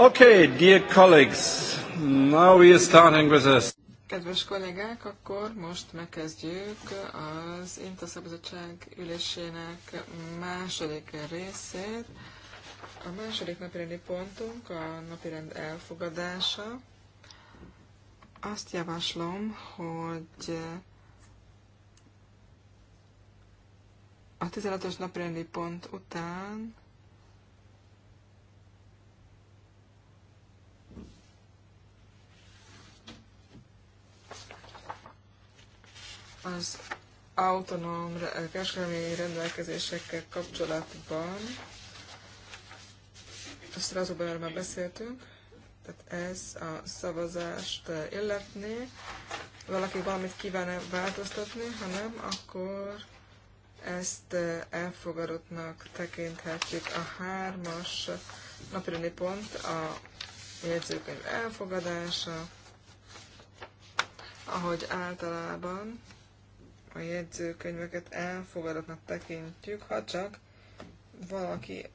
Okay, dear colleagues, now we are starting with this. Kedves kollégák, akkor most megkezdjük az Intaszabadság ülésének második részét. A második napirendi pontunk a napirend elfogadása. Azt javaslom, hogy a 15-ös napirendi pont után az autonóm kereskedelmi rendelkezésekkel kapcsolatban a Strasbourgban erről már beszéltünk, tehát ez a szavazást illetné. Valaki valamit kíván-e változtatni, ha nem, akkor ezt elfogadottnak tekinthetjük. A hármas napirendi pont a jegyzőkönyv elfogadása, ahogy általában a jegyzőkönyveket elfogadottnak tekintjük, ha csak valaki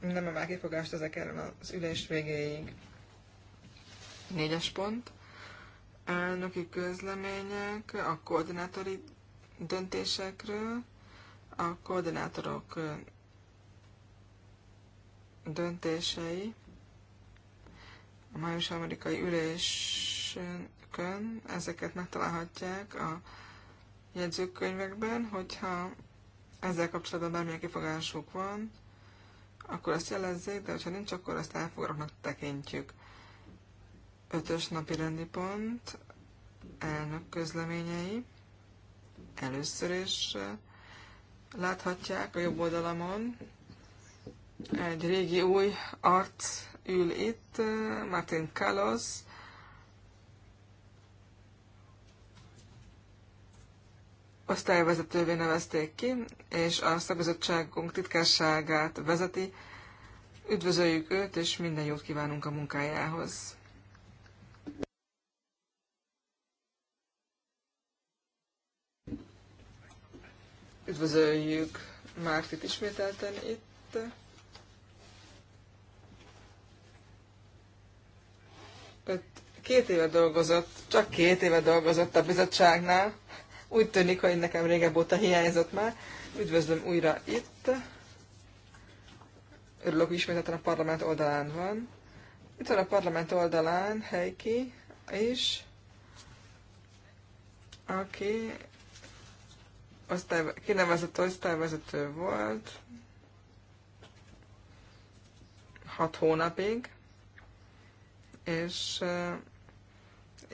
nem emel kifogást ezek ellen az ülés végéig. Négyes pont. Elnöki közlemények a koordinátori döntésekről, a koordinátorok döntései a május amerikai ülésön ezeket megtalálhatják a jegyzőkönyvekben, hogyha ezzel kapcsolatban bármilyen kifogásuk van, akkor azt jelezzék, de ha nincs, akkor azt elfogadnak tekintjük. Ötös napi rendi pont, elnök közleményei. Először is eh, láthatják a jobb oldalamon. Egy régi új arc ül itt, eh, Martin Kalosz, osztályvezetővé nevezték ki, és a szakbizottságunk titkárságát vezeti. Üdvözöljük őt, és minden jót kívánunk a munkájához. Üdvözöljük Mártit ismételten itt. Öt, két éve dolgozott, csak két éve dolgozott a bizottságnál. Úgy tűnik, hogy nekem régebb óta hiányzott már. Üdvözlöm újra itt. Örülök, hogy ismételten a parlament oldalán van. Itt van a parlament oldalán Heiki, és aki osztály, kinevezett osztályvezető volt, hat hónapig, és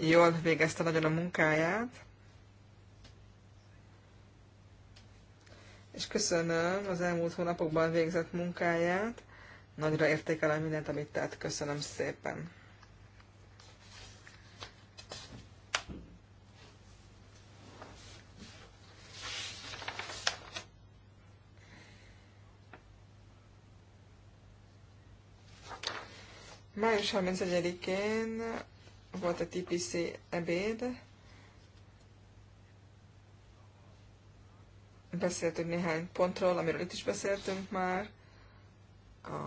jól végezte nagyon a munkáját. és köszönöm az elmúlt hónapokban végzett munkáját. Nagyra értékelem mindent, amit tett. Köszönöm szépen. Május 31-én volt a TPC ebéd, e Beszéltünk néhány pontról, amiről itt is beszéltünk már. A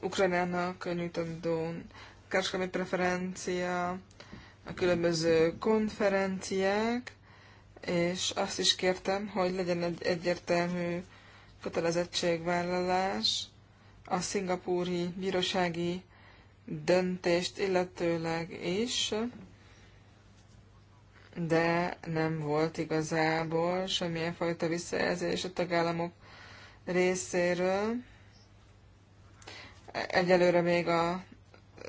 Ukrajnának nyújtandó kereskedelmi preferencia, a különböző konferenciák, és azt is kértem, hogy legyen egy egyértelmű kötelezettségvállalás a szingapúri bírósági döntést illetőleg is, de nem volt igazából semmilyen fajta visszajelzés a tagállamok részéről. Egyelőre még a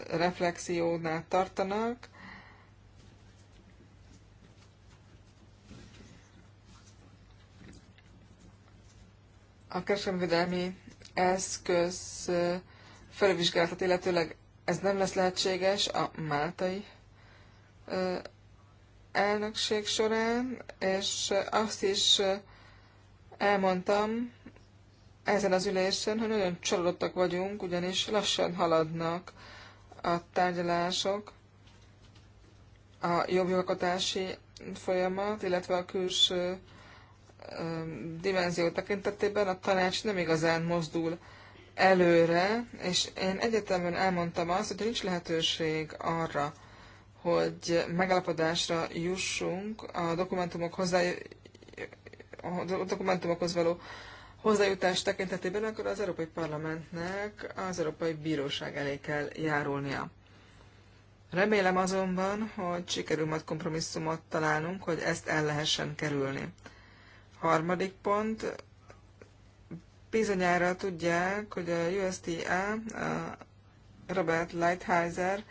reflexiónál tartanak. A kereskedelmi eszköz felvizsgálatot illetőleg ez nem lesz lehetséges a máltai elnökség során, és azt is elmondtam ezen az ülésen, hogy nagyon csalódottak vagyunk, ugyanis lassan haladnak a tárgyalások, a jobbjogalkotási folyamat, illetve a külső dimenzió tekintetében a tanács nem igazán mozdul előre, és én egyetemben elmondtam azt, hogy nincs lehetőség arra, hogy megállapodásra jussunk a dokumentumok hozzá, a dokumentumokhoz való hozzájutás tekintetében, akkor az Európai Parlamentnek az Európai Bíróság elé kell járulnia. Remélem azonban, hogy sikerül majd kompromisszumot találnunk, hogy ezt el lehessen kerülni. Harmadik pont, bizonyára tudják, hogy a USTA, Robert Lighthizer,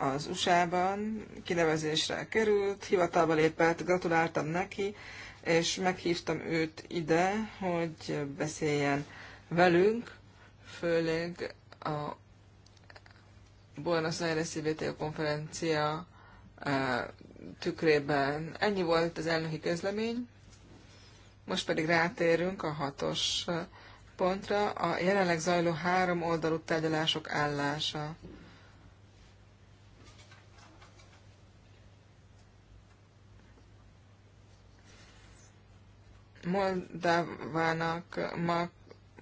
az USA-ban, kinevezésre került, hivatalba lépett, gratuláltam neki, és meghívtam őt ide, hogy beszéljen velünk, főleg a Buenos Aires CBT konferencia e, tükrében. Ennyi volt az elnöki közlemény, most pedig rátérünk a hatos pontra, a jelenleg zajló három oldalú tárgyalások állása. Moldávának mak-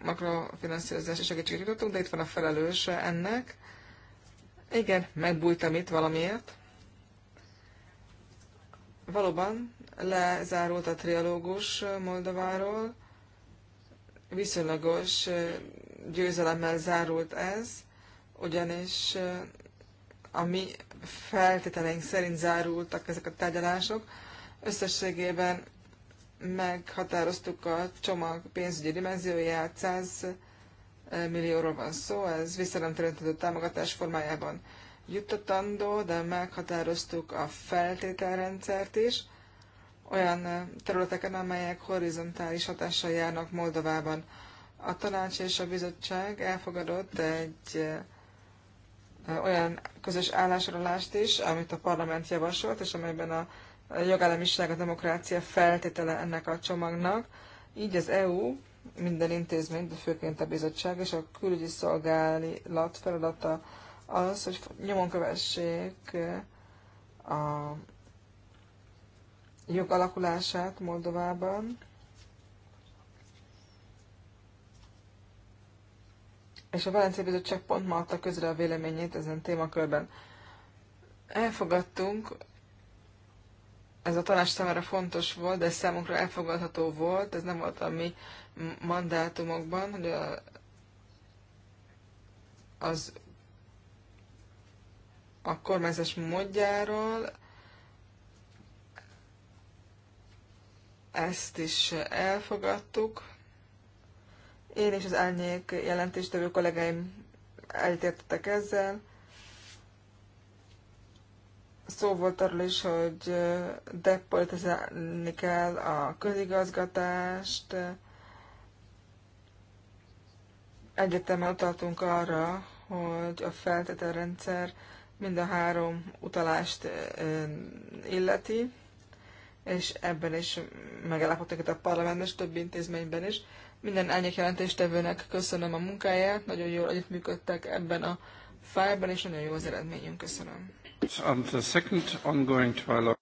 makrofinanszírozási segítséget jutottunk, de itt van a felelőse ennek. Igen, megbújtam itt valamiért. Valóban lezárult a trialógus Moldováról. Viszonylagos győzelemmel zárult ez, ugyanis a mi feltételeink szerint zárultak ezek a tárgyalások. Összességében meghatároztuk a csomag pénzügyi dimenzióját, 100 eh, millióról van szó, ez visszanemtéríthető támogatás formájában juttatandó, de meghatároztuk a feltételrendszert is, olyan eh, területeken, amelyek horizontális hatással járnak Moldovában. A tanács és a bizottság elfogadott egy eh, olyan közös állásolást is, amit a parlament javasolt, és amelyben a a jogállamiság, a demokrácia feltétele ennek a csomagnak. Így az EU, minden intézmény, de főként a bizottság és a külügyi szolgálat feladata az, hogy nyomon kövessék eh, a jog alakulását Moldovában, és a Valencia Bizottság pont ma adta közre a véleményét ezen témakörben. Elfogadtunk ez a tanács számára fontos volt, de számunkra elfogadható volt, ez nem volt a mi mandátumokban, hogy a, az a kormányzás módjáról ezt is elfogadtuk. Én és az árnyék jelentéstevő kollégáim elítettek ezzel szó volt arról is, hogy depolitizálni kell a közigazgatást. Egyetemen utaltunk arra, hogy a feltételrendszer mind a három utalást illeti, és ebben is megállapodtak itt a parlamentben és több intézményben is. Minden elnyék jelentéstevőnek köszönöm a munkáját, nagyon jól együttműködtek ebben a fájban, és nagyon jó az eredményünk. Köszönöm. On the second ongoing trial...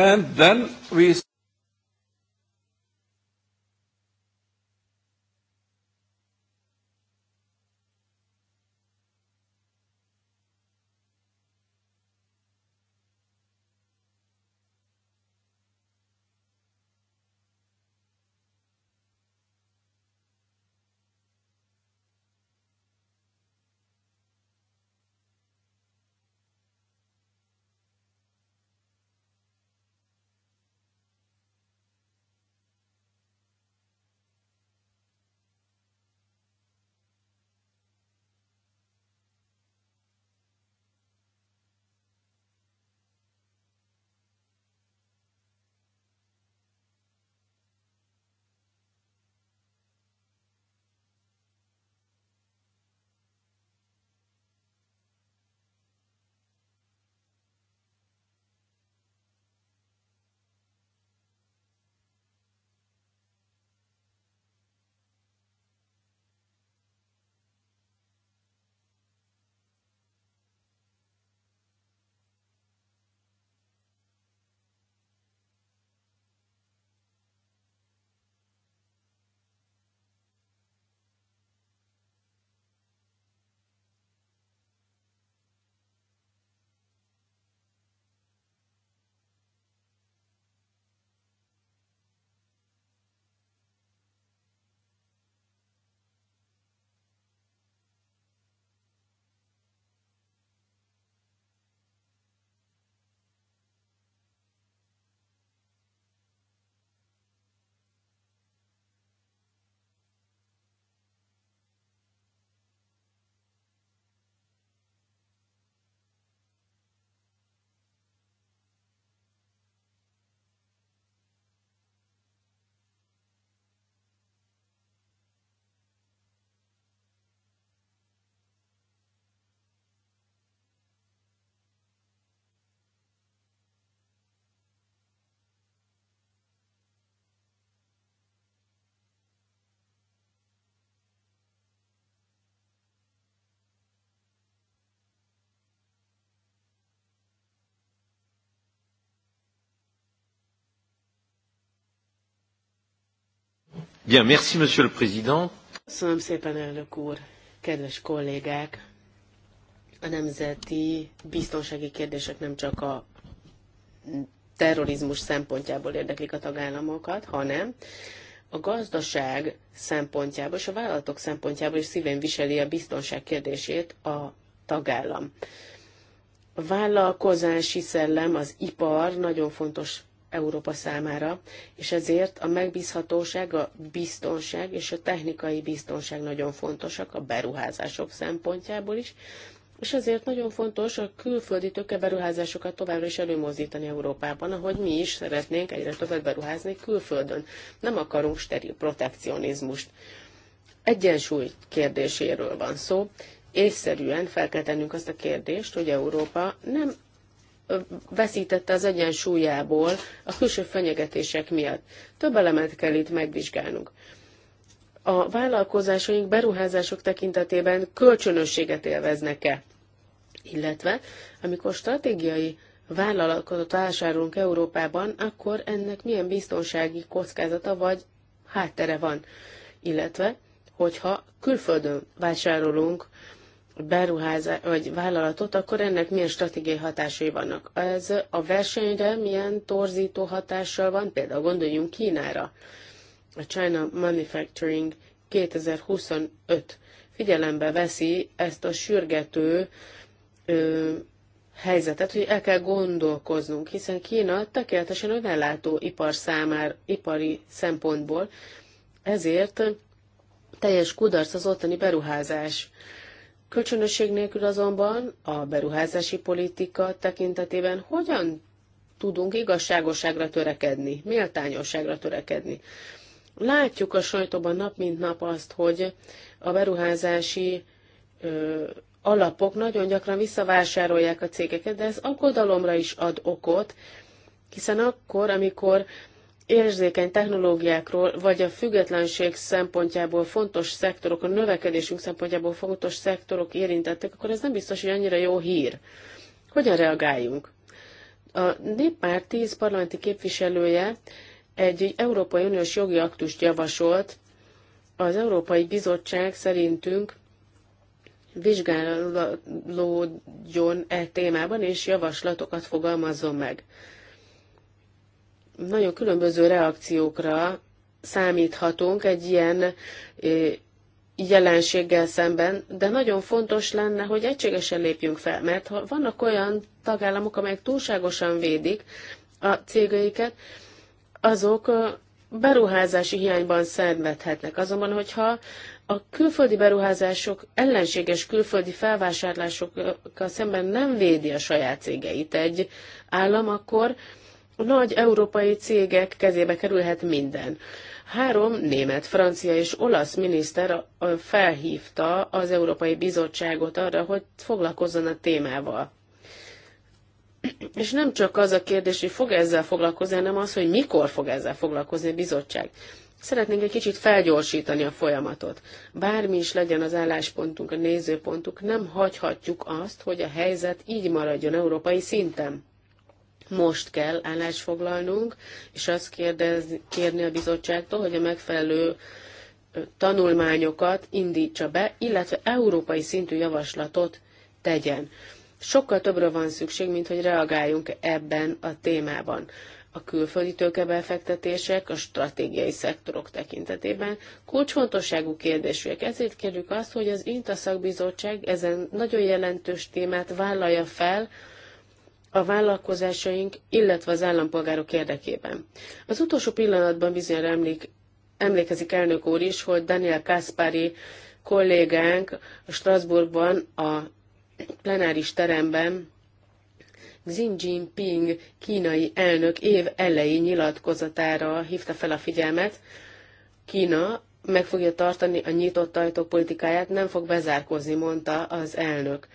And then we Bien, merci, monsieur le président. Köszönöm szépen, elnök úr, kedves kollégák! A nemzeti biztonsági kérdések nem csak a terrorizmus szempontjából érdeklik a tagállamokat, hanem a gazdaság szempontjából és a vállalatok szempontjából is szívén viseli a biztonság kérdését a tagállam. A vállalkozási szellem, az ipar nagyon fontos Európa számára, és ezért a megbízhatóság, a biztonság és a technikai biztonság nagyon fontosak a beruházások szempontjából is, és ezért nagyon fontos a külföldi tőkeberuházásokat továbbra is előmozdítani Európában, ahogy mi is szeretnénk egyre többet beruházni külföldön. Nem akarunk steril protekcionizmust. Egyensúly kérdéséről van szó, észszerűen fel kell tennünk azt a kérdést, hogy Európa nem veszítette az egyensúlyából a külső fenyegetések miatt. Több elemet kell itt megvizsgálnunk. A vállalkozásaink beruházások tekintetében kölcsönösséget élveznek-e? Illetve, amikor stratégiai vállalatot vásárolunk Európában, akkor ennek milyen biztonsági kockázata vagy háttere van? Illetve, hogyha külföldön vásárolunk beruházás, vagy vállalatot, akkor ennek milyen stratégiai hatásai vannak. Ez a versenyre milyen torzító hatással van, például gondoljunk Kínára. A China Manufacturing 2025 figyelembe veszi ezt a sürgető ö, helyzetet, hogy el kell gondolkoznunk, hiszen Kína tökéletesen önellátó ipar számára, ipari szempontból, ezért teljes kudarc az ottani beruházás. Ö, Kölcsönösség nélkül azonban a beruházási politika tekintetében hogyan tudunk igazságoságra törekedni, méltányosságra törekedni. Látjuk a sajtóban nap mint nap azt, hogy a beruházási ö, alapok nagyon gyakran visszavásárolják a cégeket, de ez aggodalomra is ad okot, hiszen akkor, amikor érzékeny technológiákról, vagy a függetlenség szempontjából fontos szektorok, a növekedésünk szempontjából fontos szektorok érintettek, akkor ez nem biztos, hogy annyira jó hír. Hogyan reagáljunk? A néppár 10 parlamenti képviselője egy Európai Uniós jogi aktust javasolt. Az Európai Bizottság szerintünk vizsgálódjon e témában, és javaslatokat fogalmazzon meg nagyon különböző reakciókra számíthatunk egy ilyen jelenséggel szemben, de nagyon fontos lenne, hogy egységesen lépjünk fel, mert ha vannak olyan tagállamok, amelyek túlságosan védik a cégeiket, azok beruházási hiányban szenvedhetnek. Azonban, hogyha a külföldi beruházások ellenséges külföldi felvásárlásokkal szemben nem védi a saját cégeit egy állam, akkor nagy európai cégek kezébe kerülhet minden. Három német, francia és olasz miniszter felhívta az Európai Bizottságot arra, hogy foglalkozzon a témával. És nem csak az a kérdés, hogy fog ezzel foglalkozni, hanem az, hogy mikor fog ezzel foglalkozni a bizottság. Szeretnénk egy kicsit felgyorsítani a folyamatot. Bármi is legyen az álláspontunk, a nézőpontunk, nem hagyhatjuk azt, hogy a helyzet így maradjon európai szinten most kell állást foglalnunk, és azt kérdez, kérni a bizottságtól, hogy a megfelelő tanulmányokat indítsa be, illetve európai szintű javaslatot tegyen. Sokkal többre van szükség, mint hogy reagáljunk ebben a témában. A külföldi tőkebefektetések a stratégiai szektorok tekintetében kulcsfontosságú kérdésűek. Ezért kérjük azt, hogy az Intaszakbizottság ezen nagyon jelentős témát vállalja fel, a vállalkozásaink, illetve az állampolgárok érdekében. Az utolsó pillanatban bizonyára emlék, emlékezik elnök úr is, hogy Daniel Kaspari kollégánk Strasbourgban a plenáris teremben Xi Jinping kínai elnök év elejé nyilatkozatára hívta fel a figyelmet. Kína meg fogja tartani a nyitott ajtók politikáját, nem fog bezárkozni, mondta az elnök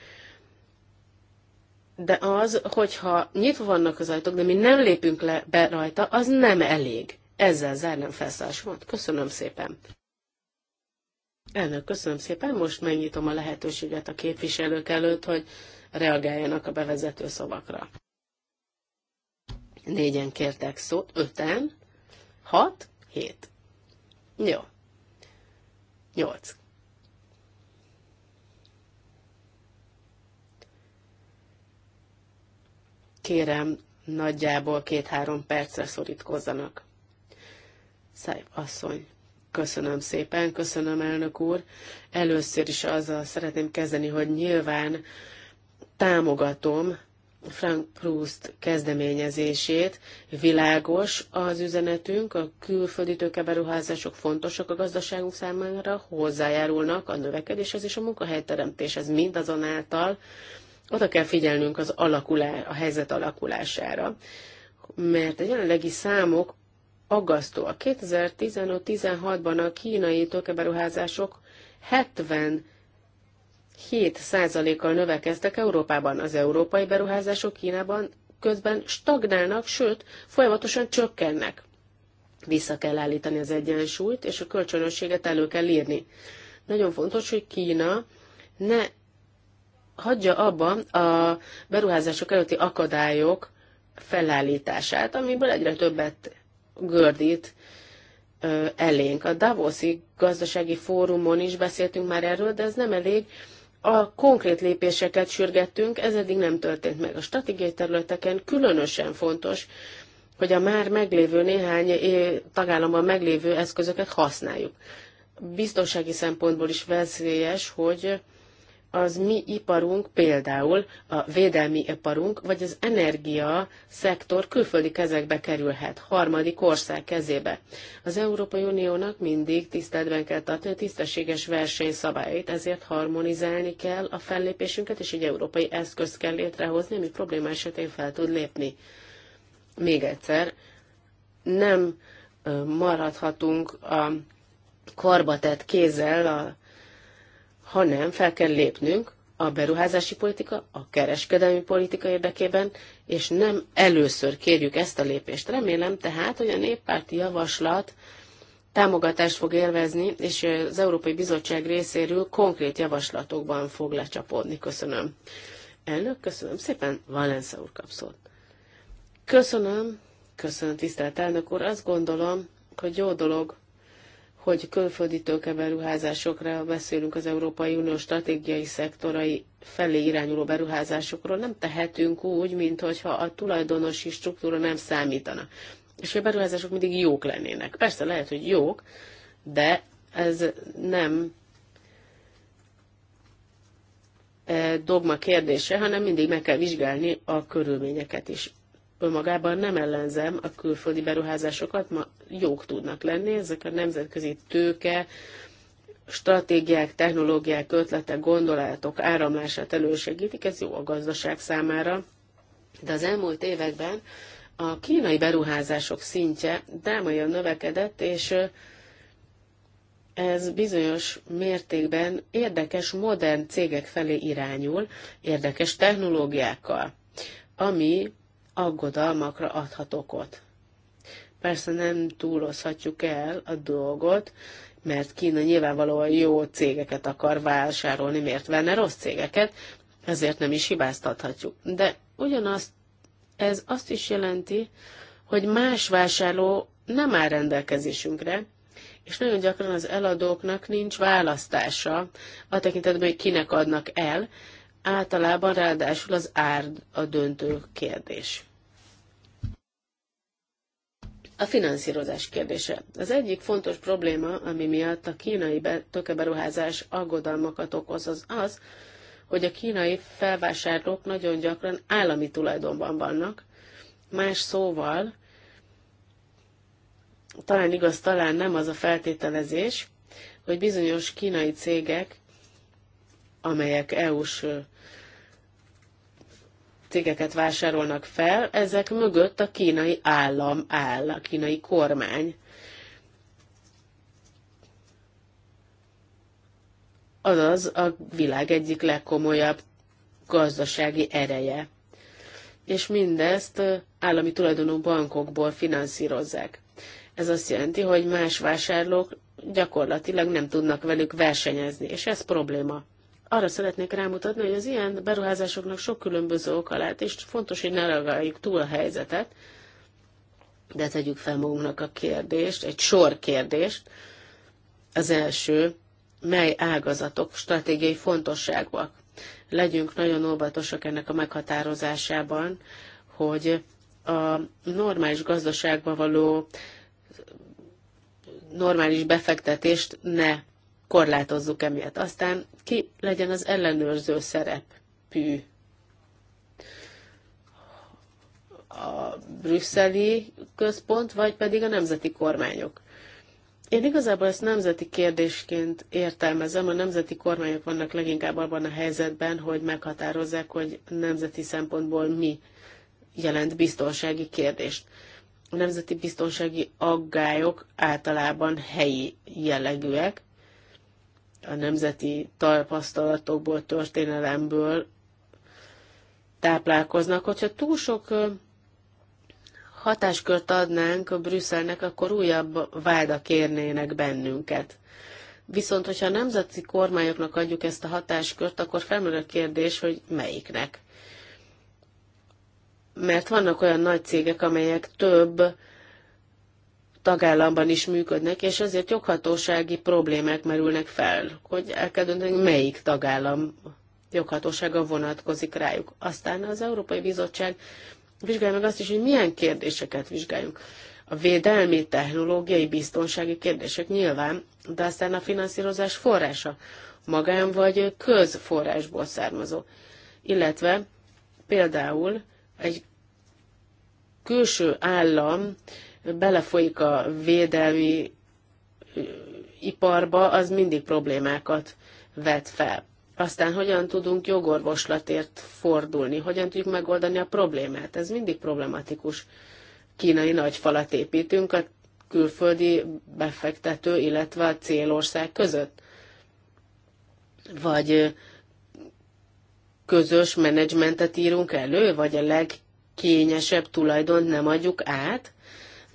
de az, hogyha nyitva vannak az ajtók, de mi nem lépünk le be rajta, az nem elég. Ezzel zárnám felszállásomat. Köszönöm szépen. Elnök, köszönöm szépen. Most megnyitom a lehetőséget a képviselők előtt, hogy reagáljanak a bevezető szavakra. Négyen kértek szót, öten, hat, hét. Jó. Nyolc. Kérem, nagyjából két-három percre szorítkozzanak. Szép asszony, köszönöm szépen, köszönöm elnök úr. Először is azzal szeretném kezdeni, hogy nyilván támogatom Frank Proust kezdeményezését. Világos az üzenetünk, a külföldi tőkeberuházások fontosak a gazdaságunk számára, hozzájárulnak a növekedéshez és a munkahelyteremtéshez, mindazonáltal, oda kell figyelnünk az alakulá, a helyzet alakulására, mert a jelenlegi számok A 2015-16-ban a kínai tőkeberuházások 70 7%-kal növekeztek Európában az európai beruházások Kínában, közben stagnálnak, sőt, folyamatosan csökkennek. Vissza kell állítani az egyensúlyt, és a kölcsönösséget elő kell írni. Nagyon fontos, hogy Kína ne hagyja abban a beruházások előtti akadályok felállítását, amiből egyre többet gördít elénk. A Davoszi gazdasági fórumon is beszéltünk már erről, de ez nem elég. A konkrét lépéseket sürgettünk, ez eddig nem történt meg. A stratégiai területeken különösen fontos, hogy a már meglévő néhány tagállamban meglévő eszközöket használjuk. Biztonsági szempontból is veszélyes, hogy az mi iparunk, például a védelmi iparunk, vagy az energia szektor külföldi kezekbe kerülhet, harmadik ország kezébe. Az Európai Uniónak mindig tiszteletben kell tartani a tisztességes versenyszabályait, ezért harmonizálni kell a fellépésünket, és egy európai eszközt kell létrehozni, ami probléma esetén fel tud lépni. Még egyszer, nem maradhatunk a karbatett kézzel a hanem fel kell lépnünk a beruházási politika, a kereskedelmi politika érdekében, és nem először kérjük ezt a lépést. Remélem tehát, hogy a néppárti javaslat támogatást fog élvezni, és az Európai Bizottság részéről konkrét javaslatokban fog lecsapódni. Köszönöm. Elnök, köszönöm szépen. Valensza úr kapszót. Köszönöm, köszönöm, tisztelt elnök úr. Azt gondolom, hogy jó dolog, hogy külföldi tőkeberuházásokra beszélünk az Európai Unió stratégiai szektorai felé irányuló beruházásokról, nem tehetünk úgy, mint a tulajdonosi struktúra nem számítana. És hogy a beruházások mindig jók lennének. Persze lehet, hogy jók, de ez nem eh, dogma kérdése, hanem mindig meg kell vizsgálni a körülményeket is önmagában nem ellenzem a külföldi beruházásokat, ma jók tudnak lenni, ezek a nemzetközi tőke, stratégiák, technológiák, ötletek, gondolatok áramlását elősegítik, ez jó a gazdaság számára. De az elmúlt években a kínai beruházások szintje drámaian növekedett, és ez bizonyos mértékben érdekes modern cégek felé irányul, érdekes technológiákkal, ami aggodalmakra adhat okot. Persze nem túlozhatjuk el a dolgot, mert Kína nyilvánvalóan jó cégeket akar vásárolni, miért venne rossz cégeket, ezért nem is hibáztathatjuk. De ugyanazt ez azt is jelenti, hogy más vásárló nem áll rendelkezésünkre, és nagyon gyakran az eladóknak nincs választása a tekintetben, hogy kinek adnak el, általában ráadásul az ár a döntő kérdés. A finanszírozás kérdése. Az egyik fontos probléma, ami miatt a kínai tökeberuházás aggodalmakat okoz, az az, hogy a kínai felvásárlók nagyon gyakran állami tulajdonban vannak. Más szóval, talán igaz, talán nem az a feltételezés, hogy bizonyos kínai cégek, amelyek EU-s cégeket vásárolnak fel, ezek mögött a kínai állam áll, a kínai kormány. Azaz a világ egyik legkomolyabb gazdasági ereje. És mindezt állami tulajdonú bankokból finanszírozzák. Ez azt jelenti, hogy más vásárlók gyakorlatilag nem tudnak velük versenyezni, és ez probléma arra szeretnék rámutatni, hogy az ilyen beruházásoknak sok különböző oka lehet, és fontos, hogy ne reagáljuk túl a helyzetet, de tegyük fel magunknak a kérdést, egy sor kérdést. Az első, mely ágazatok stratégiai fontosságúak? Legyünk nagyon óvatosak ennek a meghatározásában, hogy a normális gazdaságba való normális befektetést ne korlátozzuk emiatt. Aztán ki legyen az ellenőrző szerepű a brüsszeli központ, vagy pedig a nemzeti kormányok. Én igazából ezt nemzeti kérdésként értelmezem. A nemzeti kormányok vannak leginkább abban a helyzetben, hogy meghatározzák, hogy nemzeti szempontból mi jelent biztonsági kérdést. A nemzeti biztonsági aggályok általában helyi jellegűek, a nemzeti tapasztalatokból, történelemből táplálkoznak. Hogyha túl sok hatáskört adnánk a Brüsszelnek, akkor újabb vádak érnének bennünket. Viszont, hogyha a nemzeti kormányoknak adjuk ezt a hatáskört, akkor felmerül a kérdés, hogy melyiknek. Mert vannak olyan nagy cégek, amelyek több tagállamban is működnek, és ezért joghatósági problémák merülnek fel, hogy el kell dönteni, melyik tagállam joghatósága vonatkozik rájuk. Aztán az Európai Bizottság vizsgálja meg azt is, hogy milyen kérdéseket vizsgáljunk. A védelmi, technológiai, biztonsági kérdések nyilván, de aztán a finanszírozás forrása magán vagy közforrásból származó. Illetve például egy külső állam belefolyik a védelmi iparba, az mindig problémákat vet fel. Aztán hogyan tudunk jogorvoslatért fordulni, hogyan tudjuk megoldani a problémát. Ez mindig problematikus. Kínai nagy falat építünk a külföldi befektető, illetve a célország között. Vagy közös menedzsmentet írunk elő, vagy a legkényesebb tulajdont nem adjuk át,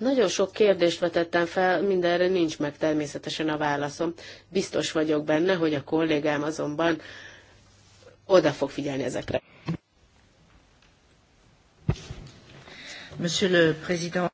nagyon sok kérdést vetettem fel, mindenre nincs meg természetesen a válaszom. Biztos vagyok benne, hogy a kollégám azonban oda fog figyelni ezekre. Monsieur le Président.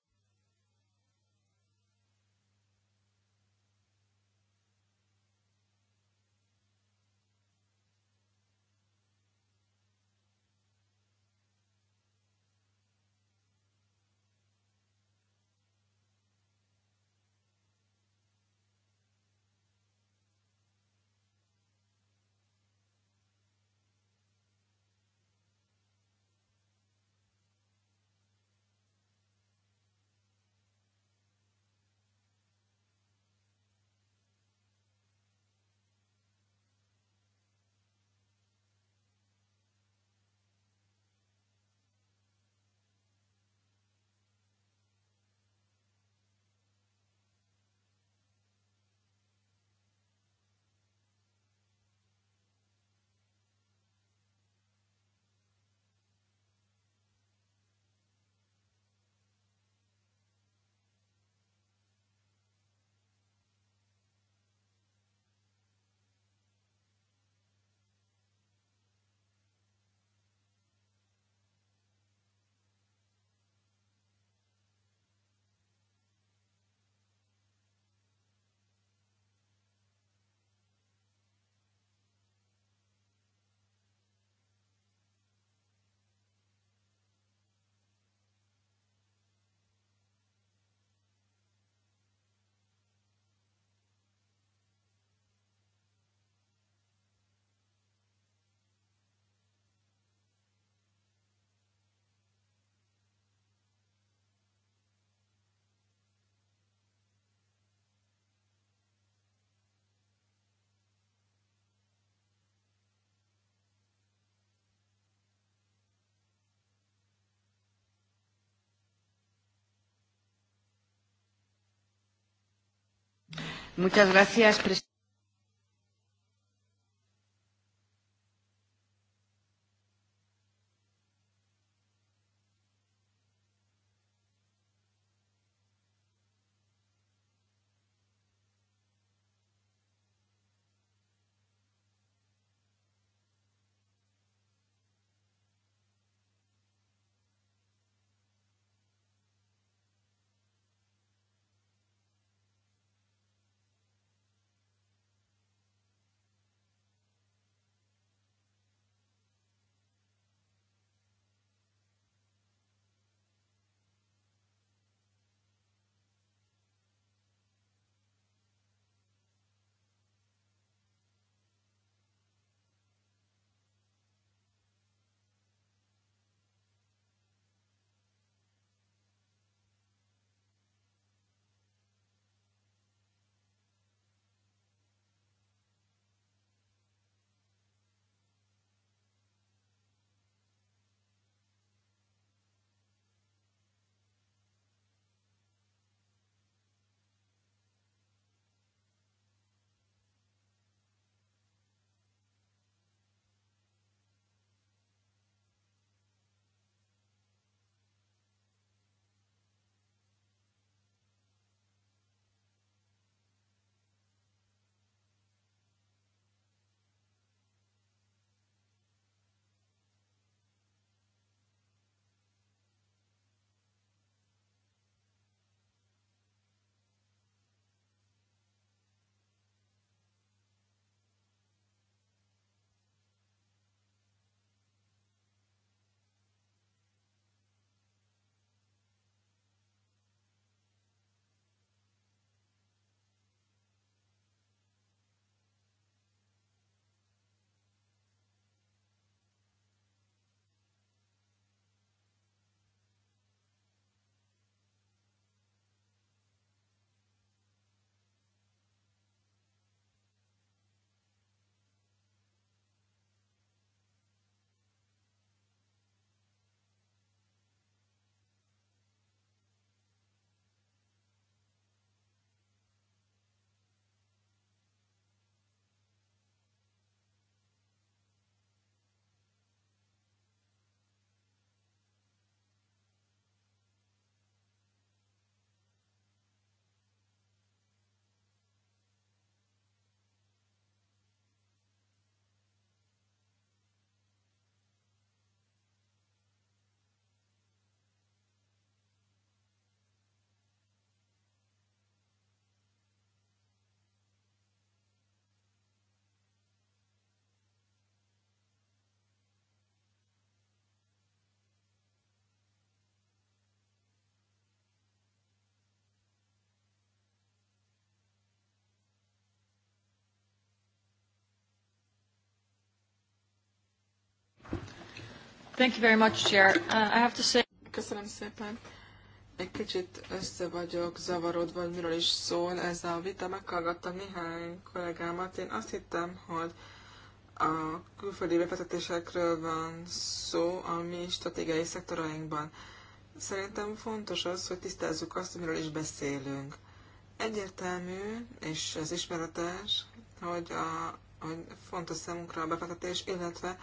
Muchas gracias, Thank you very much, Chair. Uh, I have to say... Köszönöm szépen. Egy kicsit össze vagyok zavarodva, hogy miről is szól ez a vita. Meghallgattam néhány kollégámat. Én azt hittem, hogy a külföldi befektetésekről van szó a mi stratégiai szektorainkban. Szerintem fontos az, hogy tisztázzuk azt, amiről is beszélünk. Egyértelmű, és ez ismeretes, hogy, a, hogy fontos számunkra a befektetés, illetve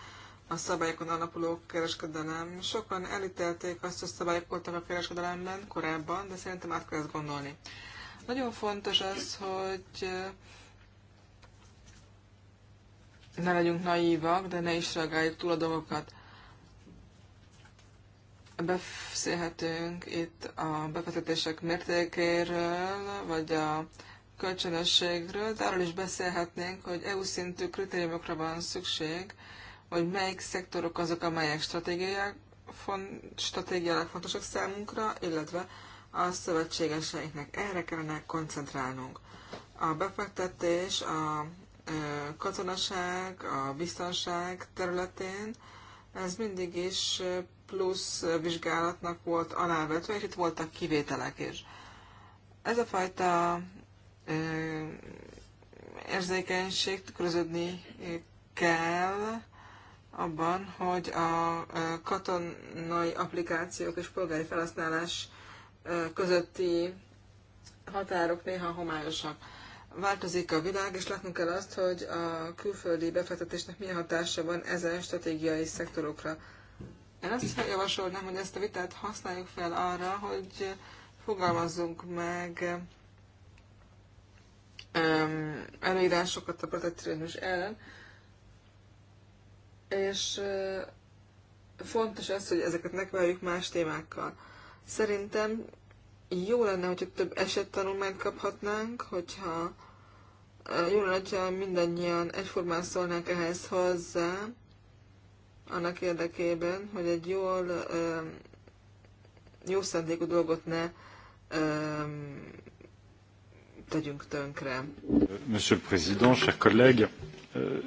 a szabályokon alapuló kereskedelem. Sokan elítelték azt, hogy szabályok voltak a kereskedelemben korábban, de szerintem át kell ezt gondolni. Nagyon fontos az, hogy eh, ne legyünk naívak, de ne is reagáljuk túl a dolgokat. Beszélhetünk itt a befektetések mértékéről, vagy a kölcsönösségről, de arról is beszélhetnénk, hogy EU szintű kritériumokra van szükség, hogy melyik szektorok azok, amelyek stratégiák, fontosak számunkra, illetve a szövetségeseinknek. Erre kellene koncentrálnunk. A befektetés, a katonaság, a biztonság területén, ez mindig is plusz vizsgálatnak volt alávetve, és itt voltak kivételek is. Ez a fajta érzékenység tükröződni kell abban, hogy a katonai applikációk és polgári felhasználás közötti határok néha homályosak. Változik a világ, és látnunk kell azt, hogy a külföldi befektetésnek milyen hatása van ezen stratégiai szektorokra. Én azt javasolnám, hogy ezt a vitát használjuk fel arra, hogy fogalmazzunk meg előírásokat a protekcionizmus ellen, és fontos az, hogy ezeket megvárjuk más témákkal. Szerintem jó lenne, hogyha több esettanulmányt kaphatnánk, hogyha jó lenne, hogyha mindannyian egyformán szólnánk ehhez hozzá, annak érdekében, hogy egy jól, jó szándékú dolgot ne tegyünk tönkre. Monsieur le Président, chers collègues, euh,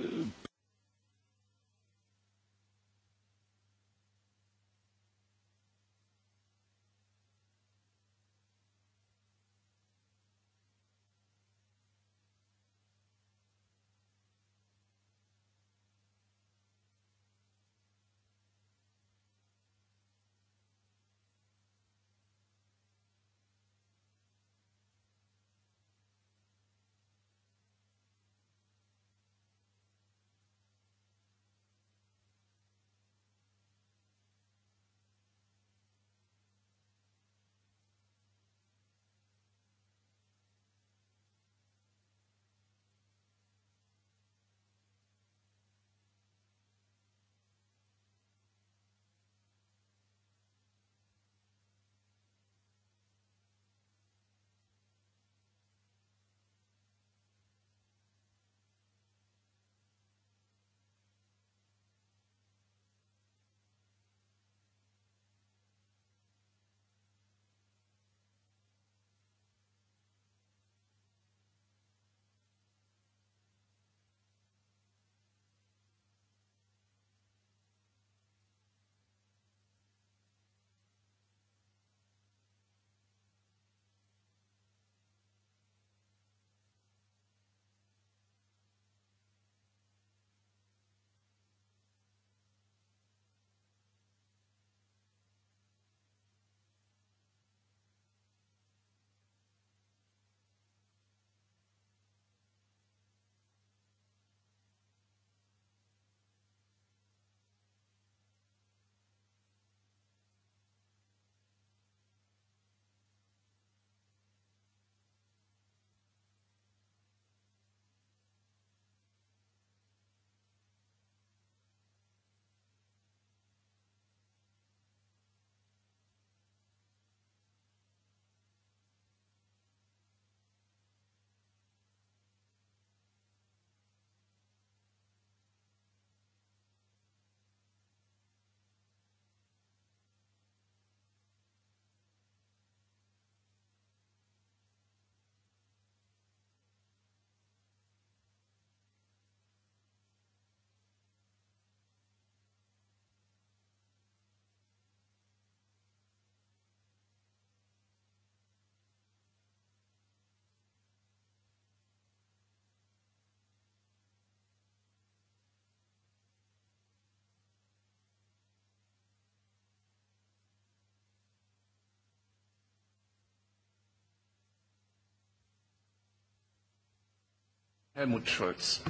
Helmut Scholz.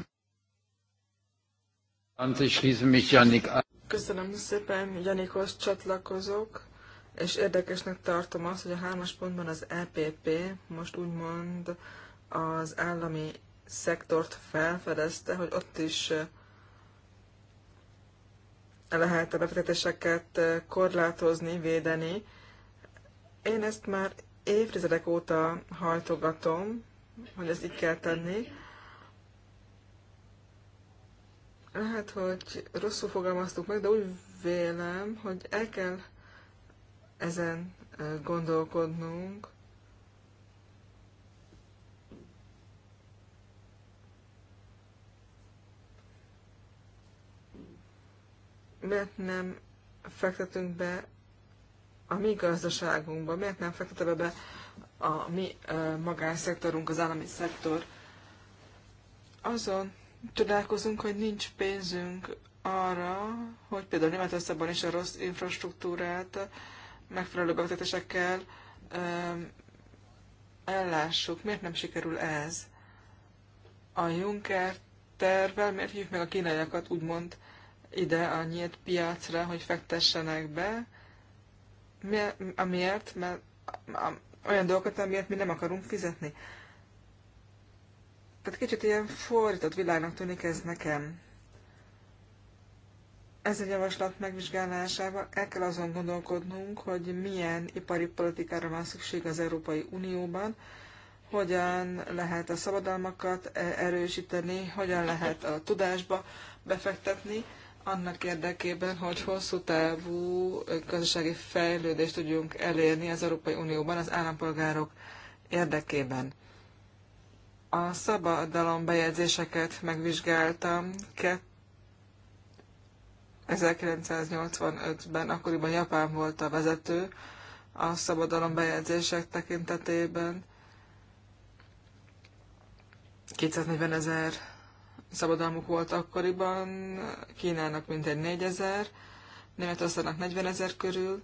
Köszönöm szépen, Janikhoz csatlakozok, és érdekesnek tartom azt, hogy a hármas pontban az EPP most úgymond az állami szektort felfedezte, hogy ott is eh, lehet a befektetéseket eh, korlátozni, védeni. Én ezt már évtizedek óta hajtogatom, hogy ezt így kell tenni Lehet, hogy rosszul fogalmaztuk meg, de úgy vélem, hogy el kell ezen gondolkodnunk, mert nem fektetünk be a mi gazdaságunkba, miért nem fektetve be a mi magánszektorunk, az állami szektor azon csodálkozunk, hogy nincs pénzünk arra, hogy például Németországban is a rossz infrastruktúrát megfelelő befektetésekkel ellássuk. Miért nem sikerül ez? A Juncker tervvel miért hívjuk meg a kínaiakat úgymond ide a nyílt piacra, hogy fektessenek be? Miért? mert olyan dolgokat, amiért mi nem akarunk fizetni. Tehát kicsit ilyen fordított világnak tűnik ez nekem. Ez egy javaslat megvizsgálásával el kell azon gondolkodnunk, hogy milyen ipari politikára van szükség az Európai Unióban, hogyan lehet a szabadalmakat e, erősíteni, hogyan lehet a tudásba befektetni, annak érdekében, hogy hosszú távú gazdasági fejlődést tudjunk elérni az Európai Unióban az állampolgárok érdekében a szabadalom bejegyzéseket megvizsgáltam 1985-ben, akkoriban Japán volt a vezető a szabadalom bejegyzések tekintetében. 240 ezer szabadalmuk volt akkoriban, Kínának mintegy 4 ezer, Németországnak 40 ezer körül,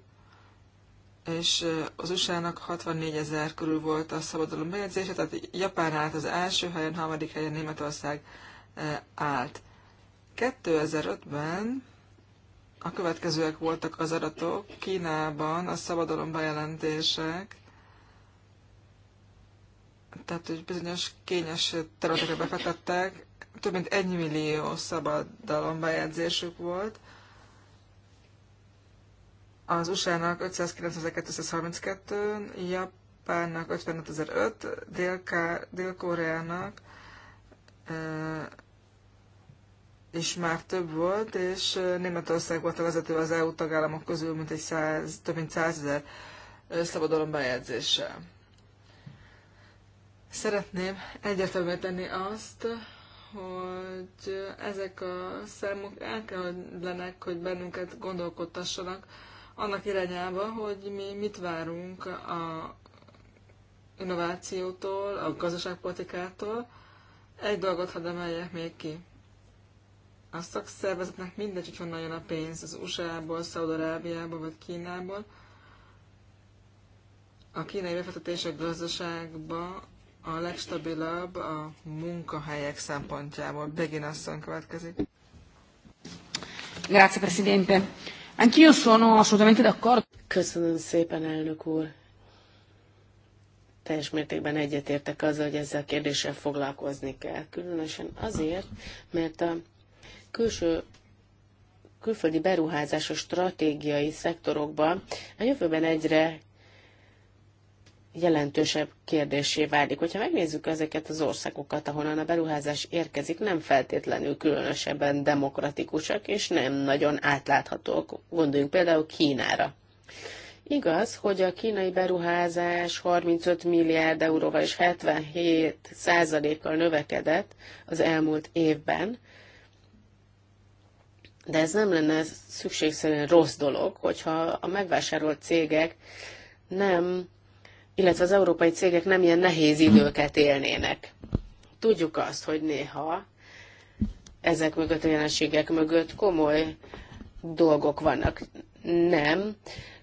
és az USA-nak 64 ezer körül volt a szabadalom bejegyzése, tehát Japán állt az első helyen, harmadik helyen Németország állt. 2005-ben a következőek voltak az adatok. Kínában a szabadalom bejelentések, tehát hogy bizonyos kényes területekre befektettek, több mint 1 millió szabadalom bejegyzésük volt, az USA-nak 592-n, Japánnak 55.005, Dél-Koreának dél koreának és már több volt, és Németország volt a vezető az EU tagállamok közül, mint egy száz, több mint százezer szabadalom bejegyzéssel. Szeretném egyértelműen tenni azt, hogy ezek a számok el kell, hogy lennek, hogy bennünket gondolkodtassanak annak irányába, hogy mi mit várunk a innovációtól, a gazdaságpolitikától. Egy dolgot hadd emeljek még ki. A szakszervezetnek mindegy, hogy honnan jön a pénz, az USA-ból, Szaudarábiából vagy Kínából. A kínai befektetések gazdaságba a legstabilabb a munkahelyek szempontjából. Begin asszony következik. Grazie, Presidente. Anch'io sono assolutamente d'accordo. Köszönöm szépen, elnök úr. Teljes mértékben egyetértek azzal, hogy ezzel a kérdéssel foglalkozni kell. Különösen azért, mert a külső külföldi beruházás a stratégiai szektorokban a jövőben egyre jelentősebb kérdésé válik. Hogyha megnézzük ezeket az országokat, ahonnan a beruházás érkezik, nem feltétlenül különösebben demokratikusak, és nem nagyon átláthatók. Gondoljunk például Kínára. Igaz, hogy a kínai beruházás 35 milliárd euróval és 77 százalékkal növekedett az elmúlt évben, de ez nem lenne szükségszerűen rossz dolog, hogyha a megvásárolt cégek nem illetve az európai cégek nem ilyen nehéz időket élnének. Tudjuk azt, hogy néha ezek mögött, a jelenségek mögött komoly dolgok vannak. Nem.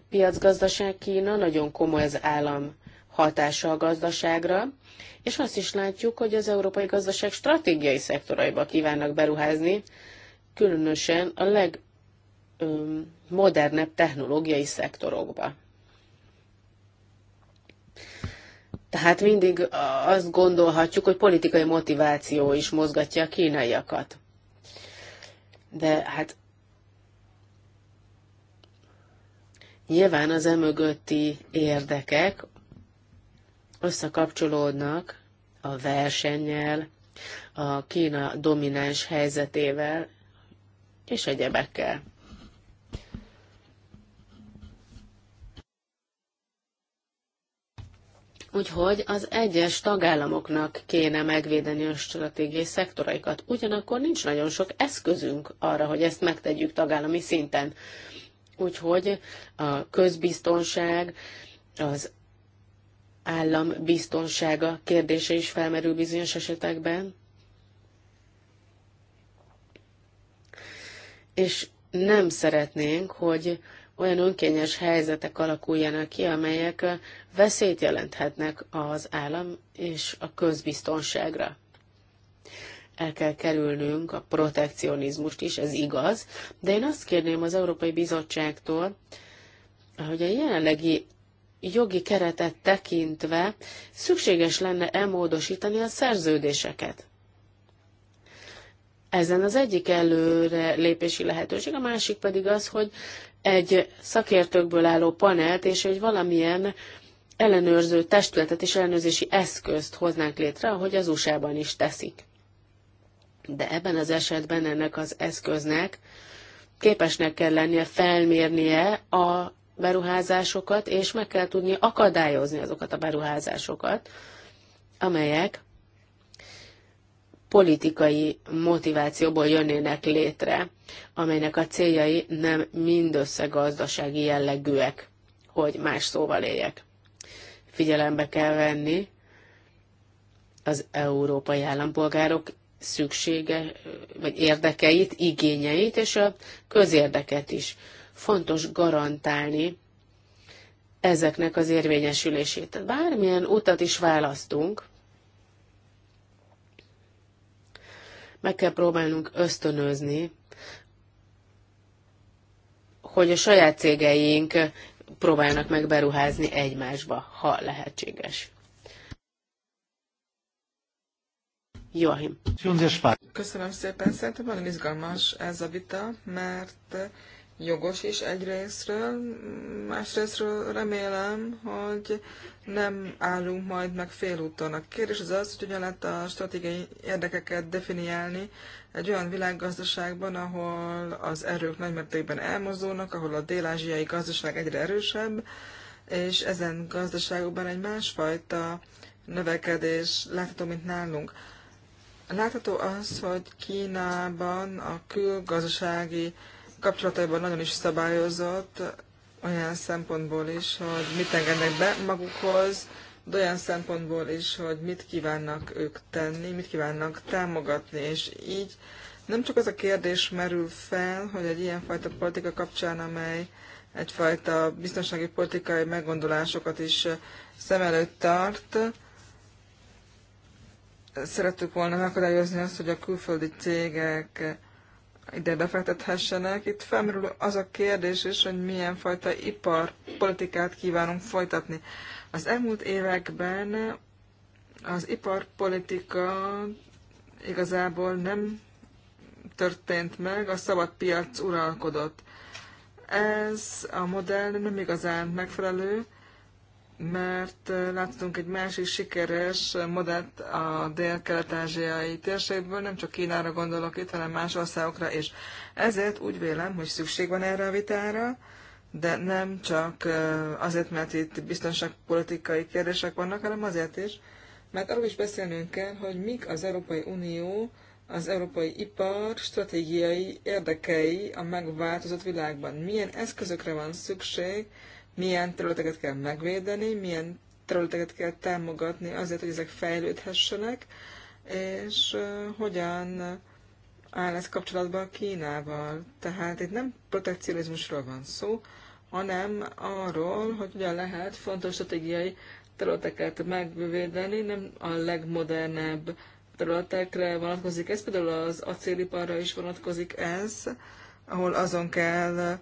Piacgazdaság Kína, nagyon komoly az állam hatása a gazdaságra, és azt is látjuk, hogy az európai gazdaság stratégiai szektoraiba kívánnak beruházni, különösen a legmodernebb technológiai szektorokba. Tehát mindig azt gondolhatjuk, hogy politikai motiváció is mozgatja a kínaiakat. De hát nyilván az emögötti érdekek összekapcsolódnak a versennyel, a Kína domináns helyzetével és egyebekkel. Úgyhogy az egyes tagállamoknak kéne megvédeni a stratégiai szektoraikat. Ugyanakkor nincs nagyon sok eszközünk arra, hogy ezt megtegyük tagállami szinten. Úgyhogy a közbiztonság, az állam biztonsága kérdése is felmerül bizonyos esetekben. És nem szeretnénk, hogy olyan önkényes helyzetek alakuljanak ki, amelyek veszélyt jelenthetnek az állam és a közbiztonságra. El kell kerülnünk a protekcionizmust is, ez igaz, de én azt kérném az Európai Bizottságtól, hogy a jelenlegi jogi keretet tekintve szükséges lenne elmódosítani a szerződéseket. Ezen az egyik előre lépési lehetőség, a másik pedig az, hogy egy szakértőkből álló panelt és egy valamilyen ellenőrző testületet és ellenőrzési eszközt hoznánk létre, ahogy az USA-ban is teszik. De ebben az esetben ennek az eszköznek képesnek kell lennie felmérnie a beruházásokat, és meg kell tudni akadályozni azokat a beruházásokat, amelyek politikai motivációból jönnének létre, amelynek a céljai nem mindössze gazdasági jellegűek, hogy más szóval éljek. Figyelembe kell venni az európai állampolgárok szüksége, vagy érdekeit, igényeit, és a közérdeket is. Fontos garantálni ezeknek az érvényesülését. Bármilyen utat is választunk, meg kell próbálnunk ösztönözni, hogy a saját cégeink próbálnak meg beruházni egymásba, ha lehetséges. Joachim. Köszönöm szépen, szerintem nagyon izgalmas ez a vita, mert jogos is egyrésztről, másrésztről remélem, hogy nem állunk majd meg félúton. A kérdés az az, hogy hogyan lehet a stratégiai érdekeket definiálni egy olyan világgazdaságban, ahol az erők nagymértékben elmozdulnak, ahol a dél-ázsiai gazdaság egyre erősebb, és ezen gazdaságokban egy másfajta növekedés látható, mint nálunk. Látható az, hogy Kínában a külgazdasági kapcsolataiban nagyon is szabályozott, olyan szempontból is, hogy mit engednek be magukhoz, de olyan szempontból is, hogy mit kívánnak ők tenni, mit kívánnak támogatni, és így nem csak az a kérdés merül fel, hogy egy ilyenfajta politika kapcsán, amely egyfajta biztonsági politikai meggondolásokat is szem előtt tart, szerettük volna megakadályozni azt, hogy a külföldi cégek ide befektethessenek. Itt felmerül az a kérdés is, hogy milyen fajta iparpolitikát kívánunk folytatni. Az elmúlt években az iparpolitika igazából nem történt meg, a szabad piac uralkodott. Ez a modell nem igazán megfelelő, mert láttunk egy másik sikeres modellt a dél-kelet-ázsiai térségből, nem csak Kínára gondolok itt, hanem más országokra is. Ezért úgy vélem, hogy szükség van erre a vitára, de nem csak azért, mert itt biztonságpolitikai kérdések vannak, hanem azért is, mert arról is beszélnünk kell, hogy mik az Európai Unió, az európai ipar stratégiai érdekei a megváltozott világban. Milyen eszközökre van szükség, milyen területeket kell megvédeni, milyen területeket kell támogatni azért, hogy ezek fejlődhessenek, és hogyan áll ez kapcsolatban Kínával. Tehát itt nem protekcionizmusról van szó, hanem arról, hogy ugyan lehet fontos stratégiai területeket megvédeni, nem a legmodernebb területekre vonatkozik ez, például az acéliparra is vonatkozik ez, ahol azon kell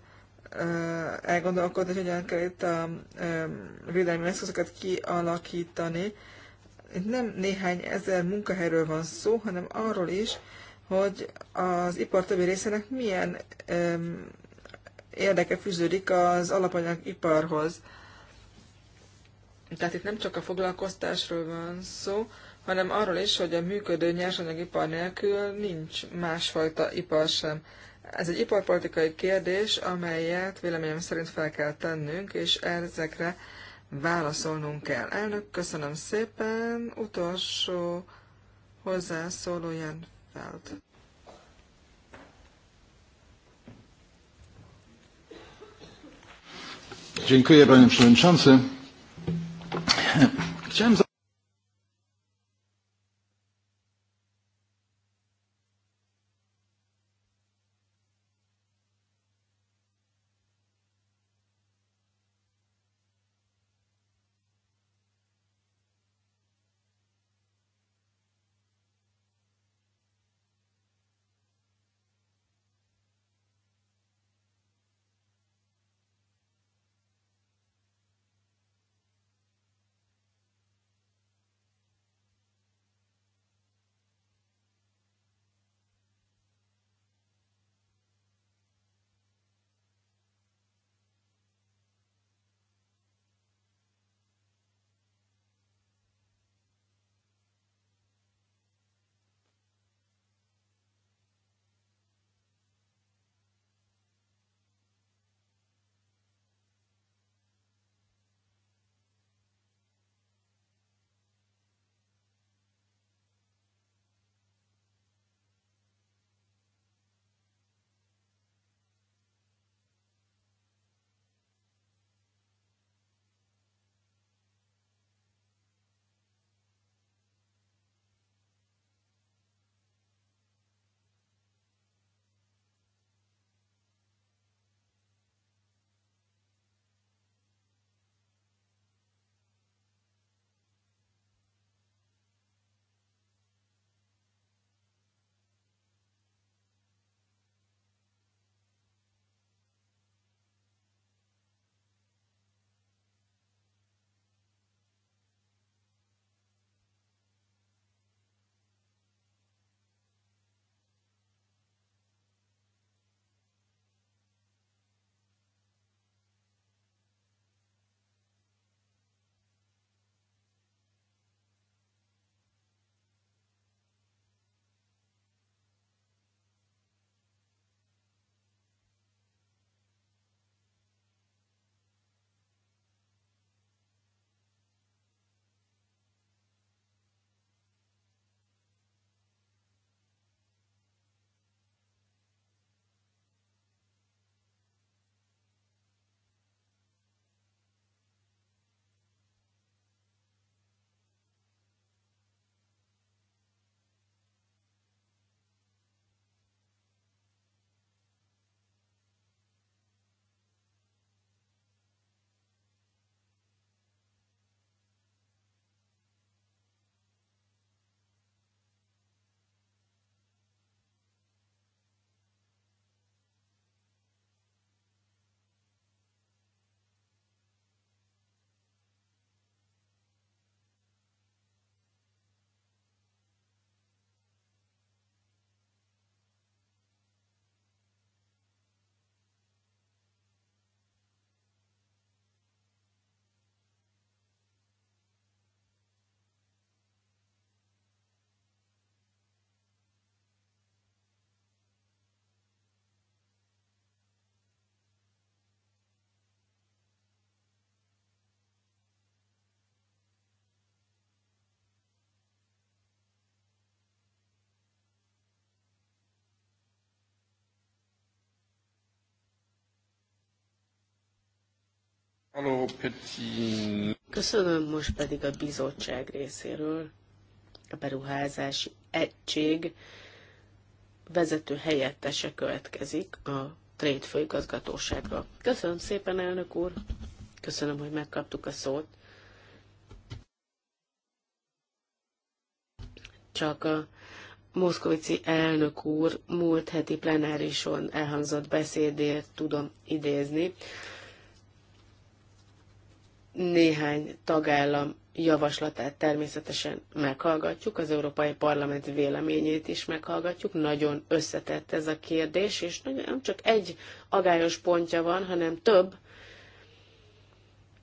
elgondolkodni, hogy hogyan kell itt a védelmi eszközöket kialakítani. Itt nem néhány ezer munkahelyről van szó, hanem arról is, hogy az ipar többi részének milyen érdeke fűződik az alapanyagiparhoz. Tehát itt nem csak a foglalkoztásról van szó, hanem arról is, hogy a működő nyersanyagipar nélkül nincs másfajta ipar sem. Ez egy iparpolitikai kérdés, amelyet véleményem szerint fel kell tennünk, és ezekre válaszolnunk kell. Elnök, köszönöm szépen. Utolsó hozzászóló Jan Feld. Dziękuję panie przewodniczący. Chciałem Köszönöm most pedig a bizottság részéről a beruházási egység vezető helyettese következik a Trade főigazgatóságra. Köszönöm szépen, elnök úr! Köszönöm, hogy megkaptuk a szót. Csak a Moszkovici elnök úr múlt heti plenárison elhangzott beszédét tudom idézni néhány tagállam javaslatát természetesen meghallgatjuk, az Európai Parlament véleményét is meghallgatjuk. Nagyon összetett ez a kérdés, és nem csak egy agályos pontja van, hanem több,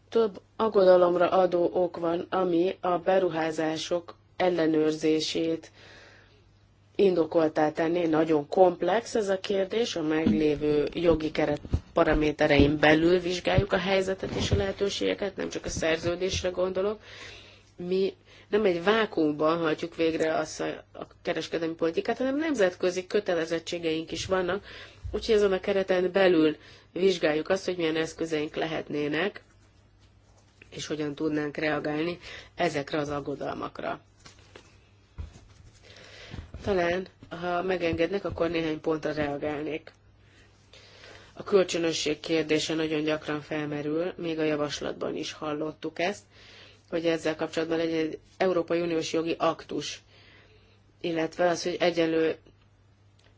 több aggodalomra adó ok van, ami a beruházások ellenőrzését, indokoltá tenni, nagyon komplex ez a kérdés, a meglévő jogi keret paraméterein belül vizsgáljuk a helyzetet és a lehetőségeket, nem csak a szerződésre gondolok. Mi nem egy vákumban hajtjuk végre azt a kereskedelmi politikát, hanem nemzetközi kötelezettségeink is vannak, úgyhogy ezen a kereten belül vizsgáljuk azt, hogy milyen eszközeink lehetnének, és hogyan tudnánk reagálni ezekre az aggodalmakra. Talán, ha megengednek, akkor néhány pontra reagálnék. A kölcsönösség kérdése nagyon gyakran felmerül, még a javaslatban is hallottuk ezt, hogy ezzel kapcsolatban egy, egy Európai Uniós jogi aktus, illetve az, hogy egyenlő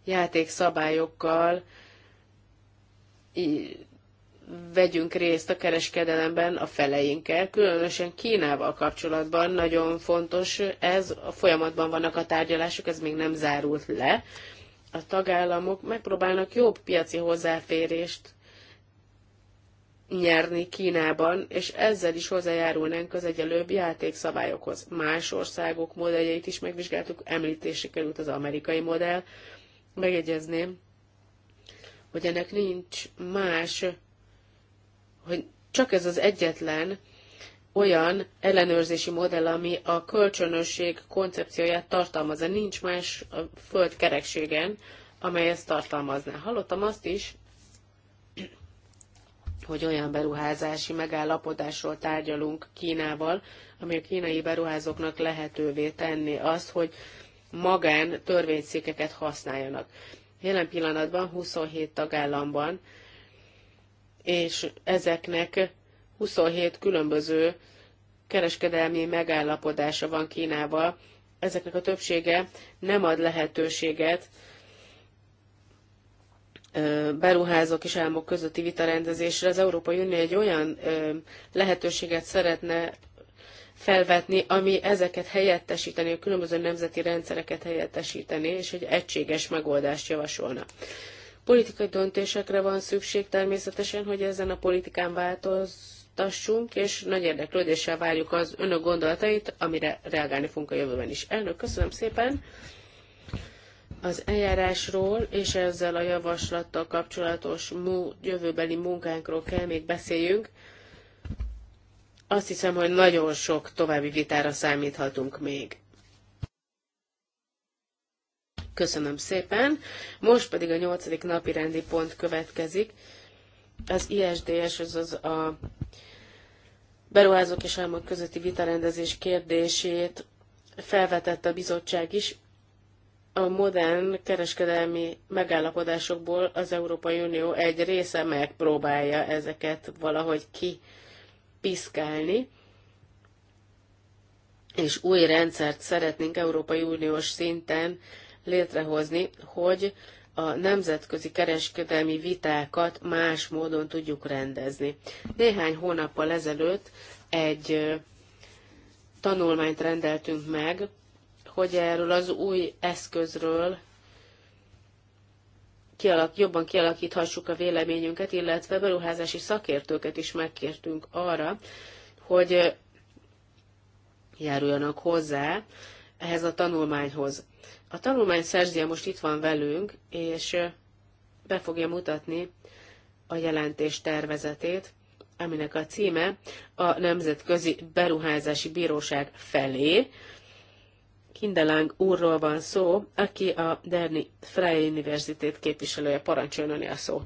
játékszabályokkal vegyünk részt a kereskedelemben a feleinkkel, különösen Kínával kapcsolatban nagyon fontos ez, a folyamatban vannak a tárgyalások, ez még nem zárult le. A tagállamok megpróbálnak jobb piaci hozzáférést nyerni Kínában, és ezzel is hozzájárulnánk az egyelőbb játékszabályokhoz. Más országok modelljeit is megvizsgáltuk, említésre került az amerikai modell. Megegyezném, hogy ennek nincs más hogy csak ez az egyetlen olyan ellenőrzési modell, ami a kölcsönösség koncepcióját tartalmazza. Nincs más a föld kerekségen, amely ezt tartalmazná. Hallottam azt is, hogy olyan beruházási megállapodásról tárgyalunk Kínával, ami a kínai beruházóknak lehetővé tenni azt, hogy magán törvényszékeket használjanak. Jelen pillanatban 27 tagállamban és ezeknek 27 különböző kereskedelmi megállapodása van Kínával. Ezeknek a többsége nem ad lehetőséget beruházók és álmok közötti vitarendezésre. Az Európai Unió egy olyan lehetőséget szeretne felvetni, ami ezeket helyettesíteni, a különböző nemzeti rendszereket helyettesíteni, és egy egységes megoldást javasolna. Politikai döntésekre van szükség természetesen, hogy ezen a politikán változtassunk, és nagy érdeklődéssel várjuk az önök gondolatait, amire reagálni fogunk a jövőben is. Elnök, köszönöm szépen! az eljárásról és ezzel a javaslattal kapcsolatos mú, jövőbeli munkánkról kell még beszéljünk. Azt hiszem, hogy nagyon sok további vitára számíthatunk még. Köszönöm szépen. Most pedig a nyolcadik napi rendi pont következik. Az ISDS, az a beruházók és álmok közötti vitarendezés kérdését felvetett a bizottság is. A modern kereskedelmi megállapodásokból az Európai Unió egy része megpróbálja ezeket valahogy kipiszkálni és új rendszert szeretnénk Európai Uniós szinten létrehozni, hogy a nemzetközi kereskedelmi vitákat más módon tudjuk rendezni. Néhány hónappal ezelőtt egy tanulmányt rendeltünk meg, hogy erről az új eszközről kialak, jobban kialakíthassuk a véleményünket, illetve beruházási szakértőket is megkértünk arra, hogy járuljanak hozzá ehhez a tanulmányhoz. A tanulmány szerzője most itt van velünk, és be fogja mutatni a jelentés tervezetét, aminek a címe a Nemzetközi Beruházási Bíróság felé. Kindelang úrról van szó, aki a Derni Freie Universitét képviselője. Parancsoljon a szó.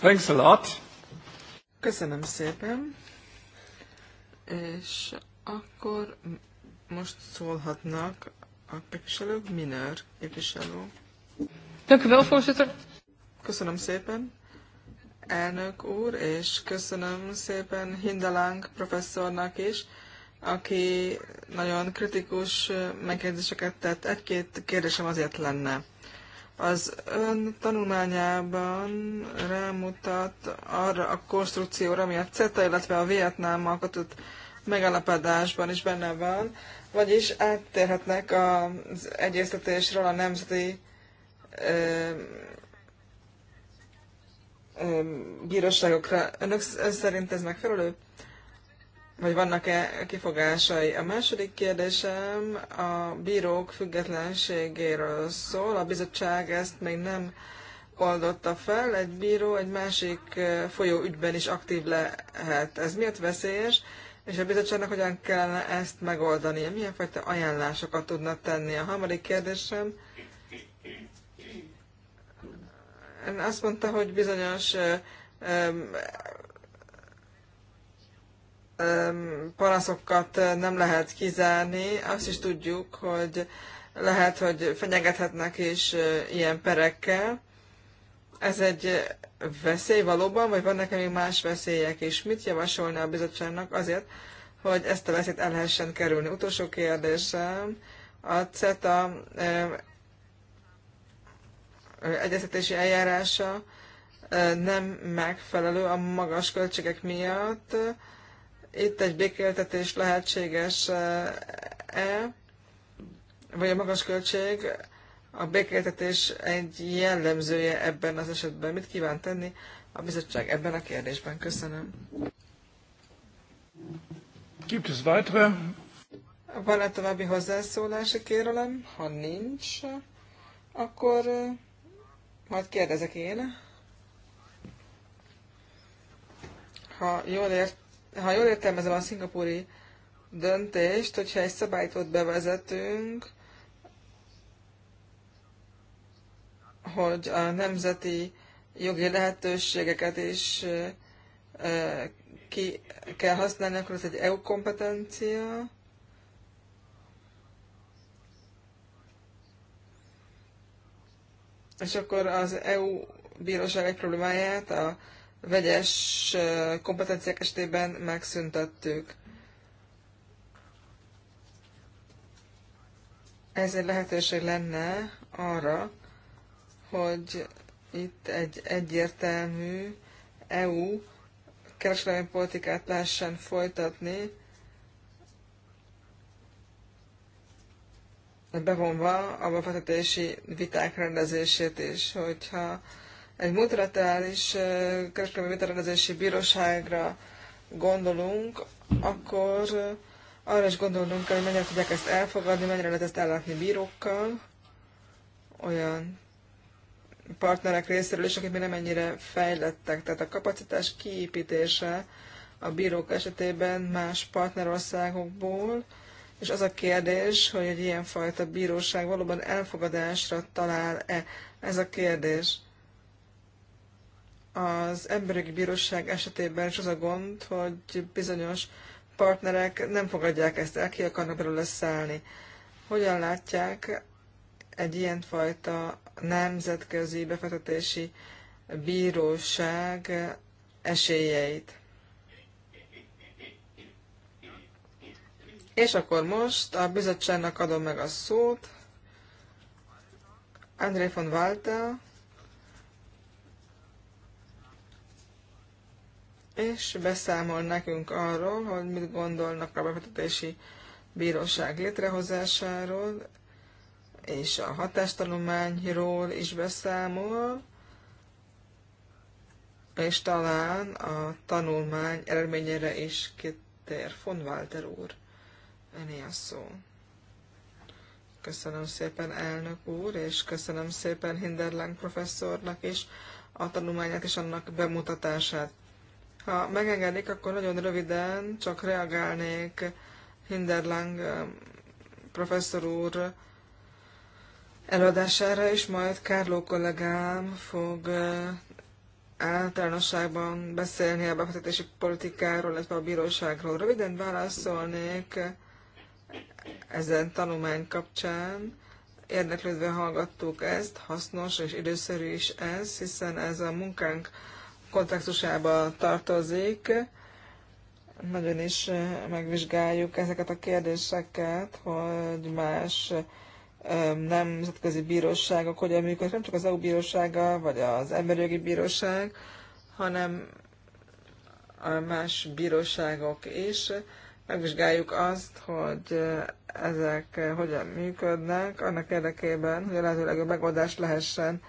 Thanks a lot. Köszönöm szépen. És akkor most szólhatnak a képviselők, Miner képviselő. Köszönöm szépen, elnök úr, és köszönöm szépen hindalang professzornak is, aki nagyon kritikus megkérdéseket tett. Egy-két kérdésem azért lenne. Az ön tanulmányában rámutat arra a konstrukcióra, ami a CETA, illetve a Vietnámmal kötött megalapadásban is benne van, vagyis áttérhetnek az egyeztetésről a nemzeti ö, ö, bíróságokra. Önök ön szerint ez megfelelő? vagy vannak-e kifogásai. A második kérdésem a bírók függetlenségéről szól. A bizottság ezt még nem oldotta fel. Egy bíró egy másik folyó ügyben is aktív lehet. Ez miért veszélyes? És a bizottságnak hogyan kellene ezt megoldani? Milyen fajta ajánlásokat tudna tenni? A harmadik kérdésem. Ön azt mondta, hogy bizonyos panaszokat nem lehet kizárni. Azt is tudjuk, hogy lehet, hogy fenyegethetnek is ilyen perekkel. Ez egy veszély valóban, vagy vannak -e még más veszélyek is? Mit javasolna a bizottságnak azért, hogy ezt a veszélyt el lehessen kerülni? Utolsó kérdésem. A CETA egyeztetési eljárása nem megfelelő a magas költségek miatt itt egy békéltetés lehetséges-e, vagy a magas költség, a békéltetés egy jellemzője ebben az esetben. Mit kíván tenni a bizottság ebben a kérdésben? Köszönöm. Gibt es weitere? Van-e további hozzászólási kérelem? Ha nincs, akkor majd kérdezek én. Ha jól ért, ha jól értelmezem a szingapúri döntést, hogyha egy szabályt ott bevezetünk, hogy a nemzeti jogi lehetőségeket is ki kell használni, akkor ez egy EU kompetencia. És akkor az EU bíróság egy problémáját a vegyes kompetenciák esetében megszüntettük. Ez egy lehetőség lenne arra, hogy itt egy egyértelmű EU kereskedelmi politikát lehessen folytatni, bevonva a befektetési viták rendezését is, hogyha egy multilaterális kereskedelmi vitarendezési bíróságra gondolunk, akkor arra is gondolunk, kell, hogy mennyire tudják ezt elfogadni, mennyire lehet ezt ellátni bírókkal, olyan partnerek részéről is, akik még nem ennyire fejlettek. Tehát a kapacitás kiépítése a bírók esetében más partnerországokból, és az a kérdés, hogy egy ilyenfajta bíróság valóban elfogadásra talál-e, ez a kérdés. Az emberi bíróság esetében is az a gond, hogy bizonyos partnerek nem fogadják ezt el, ki akarnak belőle szállni. Hogyan látják egy ilyenfajta nemzetközi befektetési bíróság esélyeit? És akkor most a bizottságnak adom meg a szót. André von Walter és beszámol nekünk arról, hogy mit gondolnak a befektetési bíróság létrehozásáról, és a hatástanulmányról is beszámol, és talán a tanulmány eredményére is kitér. Von Walter úr, ennyi a szó. Köszönöm szépen elnök úr, és köszönöm szépen Hinderlang professzornak is a tanulmányát és annak bemutatását. Ha megengedik, akkor nagyon röviden csak reagálnék Hinderlang professzor úr előadására, és majd Kárló kollégám fog általánosságban beszélni a befektetési politikáról, illetve a bíróságról. Röviden válaszolnék ezen tanulmány kapcsán. Érdeklődve hallgattuk ezt, hasznos és időszerű is ez, hiszen ez a munkánk kontextusába tartozik. Nagyon is megvizsgáljuk ezeket a kérdéseket, hogy más nemzetközi bíróságok hogyan működnek, nem csak az EU bírósága, vagy az emberi jogi bíróság, hanem a más bíróságok is. Megvizsgáljuk azt, hogy ezek hogyan működnek, annak érdekében, hogy a lehető legjobb megoldást lehessen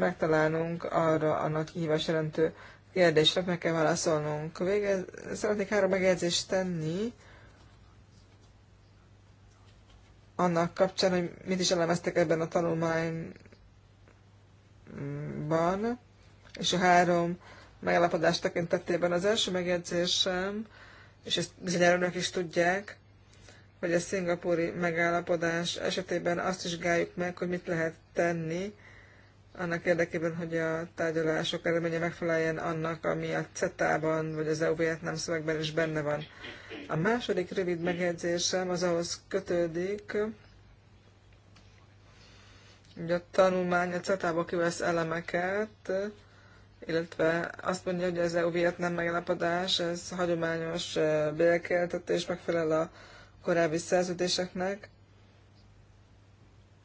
megtalálnunk arra a nagy kihívás jelentő kérdésre, meg kell válaszolnunk. Vége, szeretnék három megjegyzést tenni annak kapcsán, hogy mit is elemeztek ebben a tanulmányban, és a három megállapodás tekintetében az első megjegyzésem, és ezt bizonyára önök is tudják, hogy a szingapúri megállapodás esetében azt vizsgáljuk meg, hogy mit lehet tenni annak érdekében, hogy a tárgyalások eredménye megfeleljen annak, ami a CETA-ban vagy az EU-Vietnám szövegben is benne van. A második rövid megjegyzésem az ahhoz kötődik, hogy a tanulmány a CETA-ba kivesz elemeket, illetve azt mondja, hogy az EU-Vietnám megállapodás, ez hagyományos eh, bérekeltetés megfelel a korábbi szerződéseknek.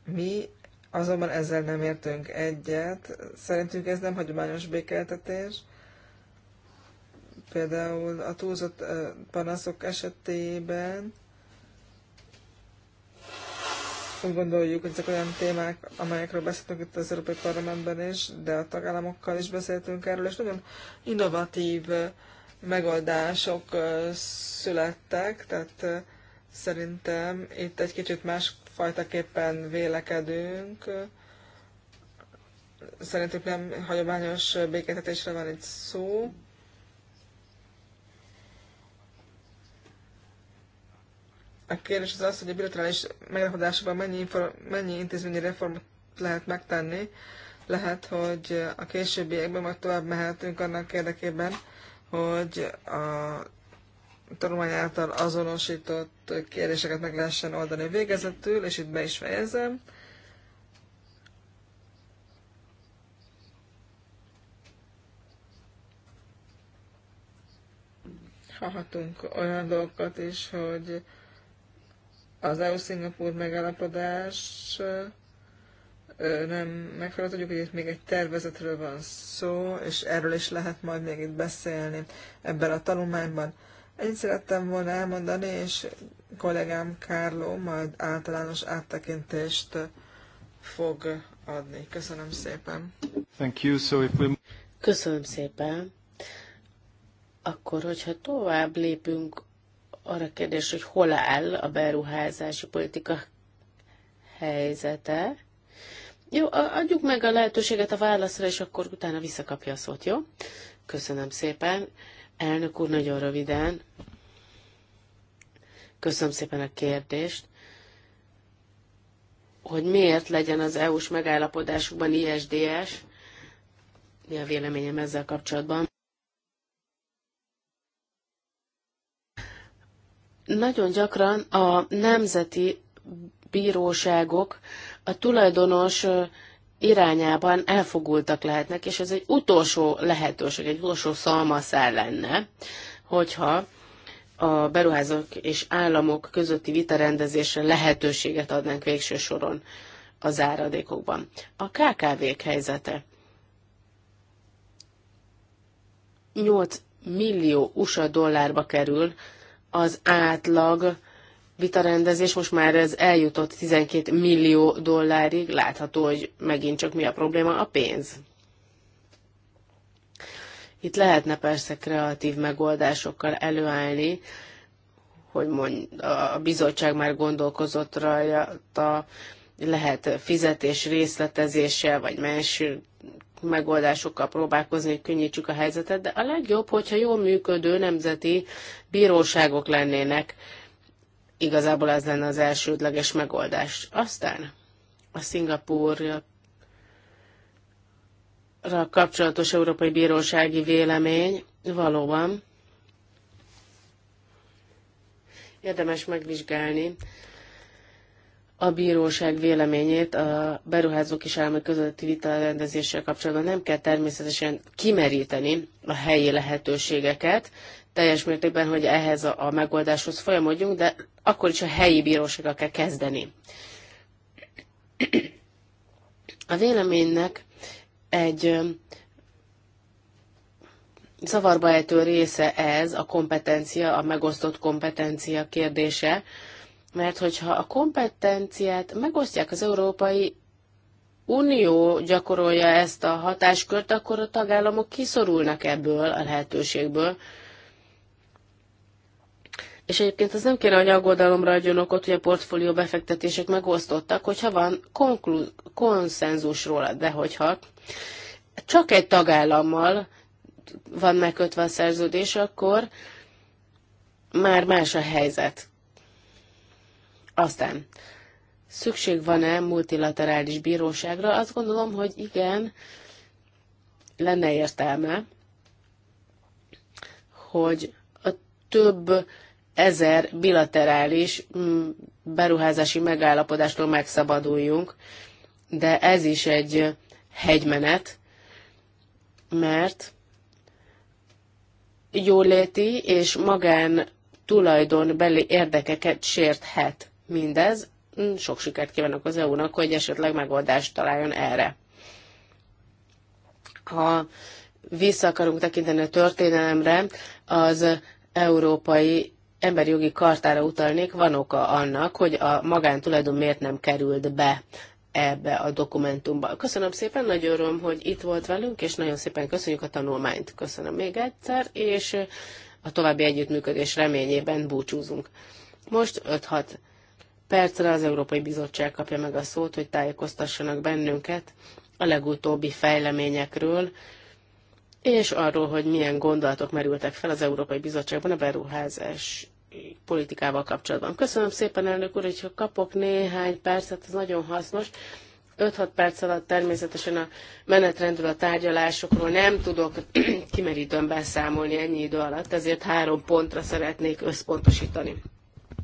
Mi Azonban ezzel nem értünk egyet. Szerintünk ez nem hagyományos békeltetés. Például a túlzott panaszok esetében úgy gondoljuk, hogy ezek olyan témák, amelyekről beszéltünk itt az Európai Parlamentben is, de a tagállamokkal is beszéltünk erről, és nagyon innovatív megoldások születtek, tehát szerintem itt egy kicsit más fajtaképpen vélekedünk. Szerintük nem hagyományos békétetésre van itt szó. A kérdés az az, hogy a bilaterális megállapodásokban mennyi, mennyi intézményi reformot lehet megtenni. Lehet, hogy a későbbiekben majd tovább mehetünk annak érdekében, hogy a tanulmány által azonosított kérdéseket meg lehessen oldani végezetül, és itt be is fejezem. Hallhatunk olyan dolgokat is, hogy az EU-Szingapúr megállapodás nem megfelelő, tudjuk, hogy itt még egy tervezetről van szó, és erről is lehet majd még itt beszélni ebben a tanulmányban. Ennyit szerettem volna elmondani, és kollégám Kárló majd általános áttekintést fog adni. Köszönöm szépen. Thank you. So if we... Köszönöm szépen. Akkor, hogyha tovább lépünk arra kérdés, hogy hol áll a beruházási politika helyzete. Jó, adjuk meg a lehetőséget a válaszra, és akkor utána visszakapja a szót, jó? Köszönöm szépen. Elnök úr, nagyon röviden. Köszönöm szépen a kérdést hogy miért legyen az EU-s megállapodásukban ISDS, mi a véleményem ezzel kapcsolatban. Nagyon gyakran a nemzeti bíróságok a tulajdonos irányában elfogultak lehetnek, és ez egy utolsó lehetőség, egy utolsó szalmaszál lenne, hogyha a beruházók és államok közötti vitarendezésre lehetőséget adnánk végső soron az áradékokban. A KKV-k helyzete. 8 millió USA dollárba kerül az átlag vitarendezés, most már ez eljutott 12 millió dollárig, látható, hogy megint csak mi a probléma, a pénz. Itt lehetne persze kreatív megoldásokkal előállni, hogy mond, a bizottság már gondolkozott rajta, lehet fizetés részletezéssel, vagy más megoldásokkal próbálkozni, hogy könnyítsük a helyzetet, de a legjobb, hogyha jól működő nemzeti bíróságok lennének, Igazából ez lenne az elsődleges megoldás. Aztán a Szingapúrra kapcsolatos Európai Bírósági vélemény valóban érdemes megvizsgálni a bíróság véleményét a beruházók és állami közötti vita rendezéssel kapcsolatban. Nem kell természetesen kimeríteni a helyi lehetőségeket, teljes mértékben, hogy ehhez a, a megoldáshoz folyamodjunk, de akkor is a helyi bírósága kell kezdeni. A véleménynek egy zavarba ejtő része ez, a kompetencia, a megosztott kompetencia kérdése, mert hogyha a kompetenciát megosztják az Európai Unió gyakorolja ezt a hatáskört, akkor a tagállamok kiszorulnak ebből a lehetőségből, és egyébként az nem kéne, hogy aggodalomra adjon okot, hogy a portfólió befektetések megosztottak, hogyha van konklu- konszenzus róla, de hogyha csak egy tagállammal van megkötve a szerződés, akkor már más a helyzet. Aztán szükség van-e multilaterális bíróságra? Azt gondolom, hogy igen, lenne értelme, hogy a több ezer bilaterális mm, beruházási megállapodástól megszabaduljunk, de ez is egy hegymenet, mert jóléti és magán tulajdonbeli érdekeket sérthet mindez. Mm, sok sikert kívánok az EU-nak, hogy esetleg megoldást találjon erre. Ha vissza akarunk tekinteni a történelemre, az európai emberi jogi kartára utalnék, van oka annak, hogy a magántulajdon miért nem került be ebbe a dokumentumba. Köszönöm szépen, nagy öröm, hogy itt volt velünk, és nagyon szépen köszönjük a tanulmányt. Köszönöm még egyszer, és a további együttműködés reményében búcsúzunk. Most 5-6 percre az Európai Bizottság kapja meg a szót, hogy tájékoztassanak bennünket a legutóbbi fejleményekről, és arról, hogy milyen gondolatok merültek fel az Európai Bizottságban a beruházás politikával kapcsolatban. Köszönöm szépen, elnök úr, hogyha kapok néhány percet, ez nagyon hasznos. 5-6 perc alatt természetesen a menetrendről, a tárgyalásokról nem tudok kimerítően beszámolni ennyi idő alatt, ezért három pontra szeretnék összpontosítani.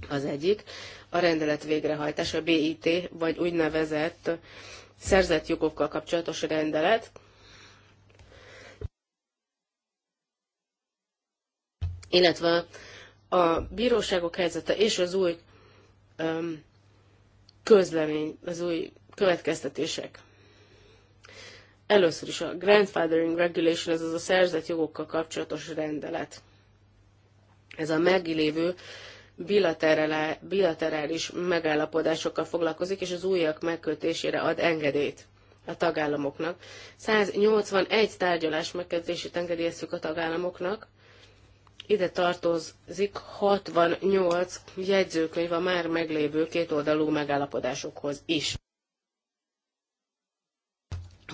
Az egyik a rendelet végrehajtása, a BIT, vagy úgynevezett szerzett jogokkal kapcsolatos rendelet, illetve a bíróságok helyzete és az új um, közlemény, az új következtetések. Először is a grandfathering regulation, ez az a szerzett jogokkal kapcsolatos rendelet. Ez a megilévő bilaterális megállapodásokkal foglalkozik, és az újak megkötésére ad engedélyt a tagállamoknak. 181 tárgyalás megkezdését engedélyeztük a tagállamoknak, ide tartozik 68 jegyzőkönyv a már meglévő kétoldalú megállapodásokhoz is.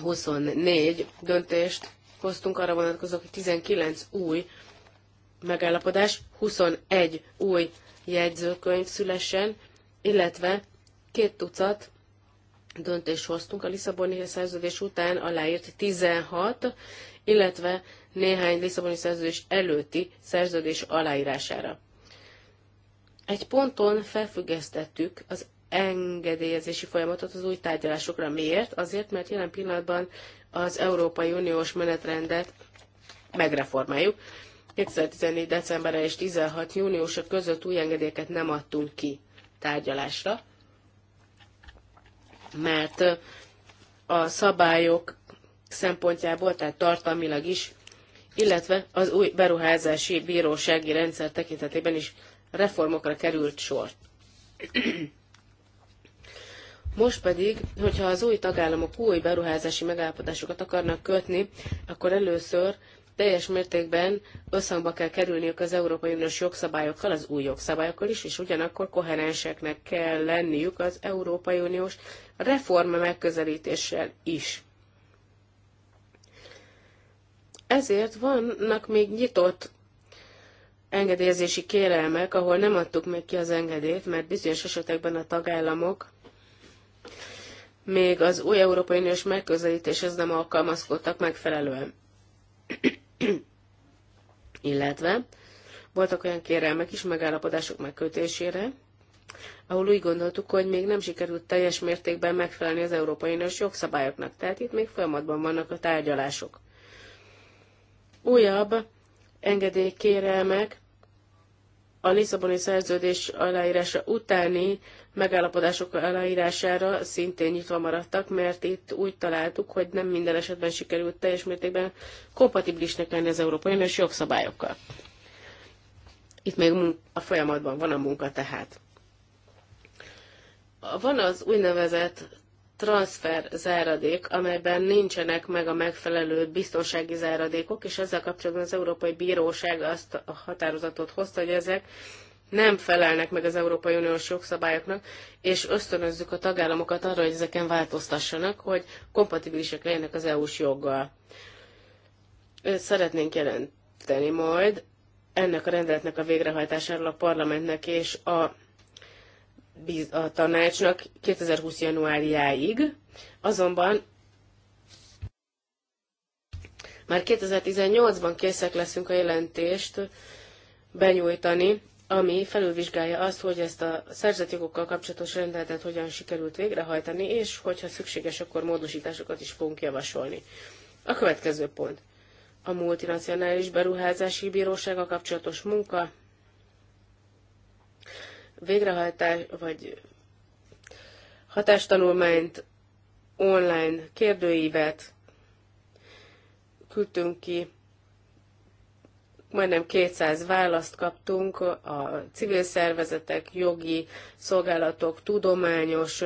24 döntést hoztunk arra vonatkozók, hogy 19 új megállapodás, 21 új jegyzőkönyv szülessen, illetve két tucat döntést hoztunk a Lisszaboni szerződés után aláírt 16, illetve néhány Lisszaboni szerződés előtti szerződés aláírására. Egy ponton felfüggesztettük az engedélyezési folyamatot az új tárgyalásokra. Miért? Azért, mert jelen pillanatban az Európai Uniós menetrendet megreformáljuk. 2014. december és 16. júniusa között új engedélyeket nem adtunk ki tárgyalásra, mert a szabályok szempontjából, tehát tartalmilag is illetve az új beruházási bírósági rendszer tekintetében is reformokra került sor. Most pedig, hogyha az új tagállamok új beruházási megállapodásokat akarnak kötni, akkor először teljes mértékben összhangba kell kerülniük az Európai Uniós jogszabályokkal, az új jogszabályokkal is, és ugyanakkor koherenseknek kell lenniük az Európai Uniós reforma megközelítéssel is. Ezért vannak még nyitott engedélyezési kérelmek, ahol nem adtuk még ki az engedélyt, mert bizonyos esetekben a tagállamok még az új Európai Uniós megközelítéshez nem alkalmazkodtak megfelelően. Illetve voltak olyan kérelmek is megállapodások megkötésére, ahol úgy gondoltuk, hogy még nem sikerült teljes mértékben megfelelni az Európai Uniós jogszabályoknak, tehát itt még folyamatban vannak a tárgyalások. Újabb engedélykérelmek a Lisszaboni szerződés aláírása utáni megállapodások aláírására szintén nyitva maradtak, mert itt úgy találtuk, hogy nem minden esetben sikerült teljes mértékben kompatibilisnek lenni az Európai Uniós jogszabályokkal. Itt még a folyamatban van a munka tehát. Van az úgynevezett transfer záradék, amelyben nincsenek meg a megfelelő biztonsági záradékok, és ezzel kapcsolatban az Európai Bíróság azt a határozatot hozta, hogy ezek nem felelnek meg az Európai Uniós jogszabályoknak, és ösztönözzük a tagállamokat arra, hogy ezeken változtassanak, hogy kompatibilisek legyenek az EU-s joggal. Ezt szeretnénk jelenteni majd ennek a rendeletnek a végrehajtásáról a parlamentnek és a a tanácsnak 2020. januárjáig, azonban már 2018-ban készek leszünk a jelentést benyújtani, ami felülvizsgálja azt, hogy ezt a szerzetjogokkal kapcsolatos rendeletet hogyan sikerült végrehajtani, és hogyha szükséges, akkor módosításokat is fogunk javasolni. A következő pont. A multinacionális beruházási bírósága kapcsolatos munka végrehajtás, vagy hatástanulmányt, online kérdőívet küldtünk ki, majdnem 200 választ kaptunk a civil szervezetek, jogi szolgálatok, tudományos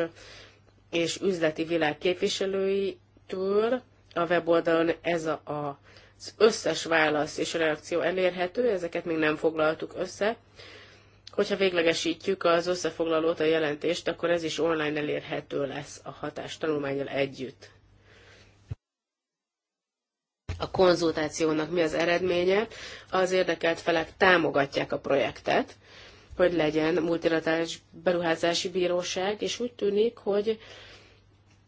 és üzleti világ képviselőitől. A weboldalon ez a, a, az összes válasz és reakció elérhető, ezeket még nem foglaltuk össze. Hogyha véglegesítjük az összefoglalót, a jelentést, akkor ez is online elérhető lesz a hatás tanulmányal együtt. A konzultációnak mi az eredménye? Az érdekelt felek támogatják a projektet, hogy legyen multilaterális beruházási bíróság, és úgy tűnik, hogy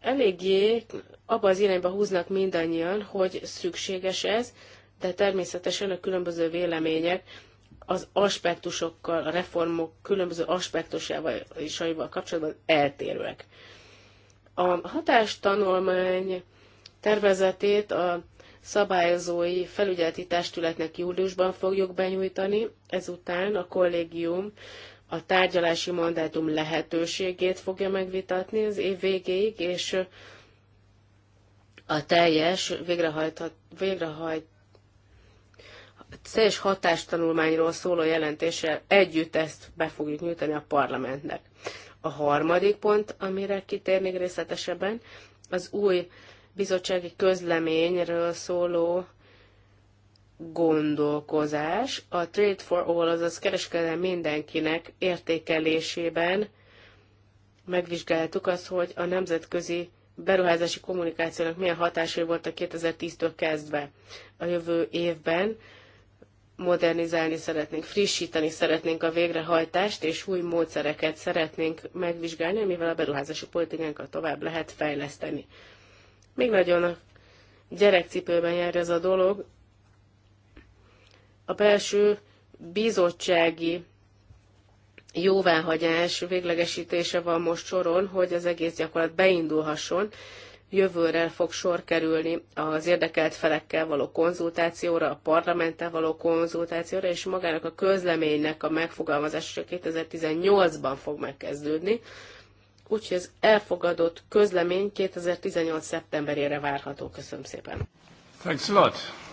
eléggé abba az irányba húznak mindannyian, hogy szükséges ez, de természetesen a különböző vélemények az aspektusokkal, a reformok különböző aspektusával és kapcsolatban eltérőek. A hatástanulmány tervezetét a szabályozói felügyeleti testületnek júliusban fogjuk benyújtani, ezután a kollégium a tárgyalási mandátum lehetőségét fogja megvitatni az év végéig, és a teljes végrehajthat, végrehajt CES hatástanulmányról szóló jelentéssel együtt ezt be fogjuk nyújtani a parlamentnek. A harmadik pont, amire kitérnék részletesebben, az új bizottsági közleményről szóló gondolkozás. A Trade for All, azaz kereskedelem mindenkinek értékelésében megvizsgáltuk azt, hogy a nemzetközi beruházási kommunikációnak milyen hatásai voltak 2010-től kezdve. A jövő évben modernizálni szeretnénk, frissíteni szeretnénk a végrehajtást, és új módszereket szeretnénk megvizsgálni, amivel a beruházási politikánkat tovább lehet fejleszteni. Még nagyon a gyerekcipőben jár ez a dolog. A belső bizottsági jóváhagyás véglegesítése van most soron, hogy az egész gyakorlat beindulhasson, jövőre fog sor kerülni az érdekelt felekkel való konzultációra, a parlamenttel való konzultációra, és magának a közleménynek a megfogalmazása 2018-ban fog megkezdődni. Úgyhogy az elfogadott közlemény 2018. szeptemberére várható. Köszönöm szépen. Thanks a lot.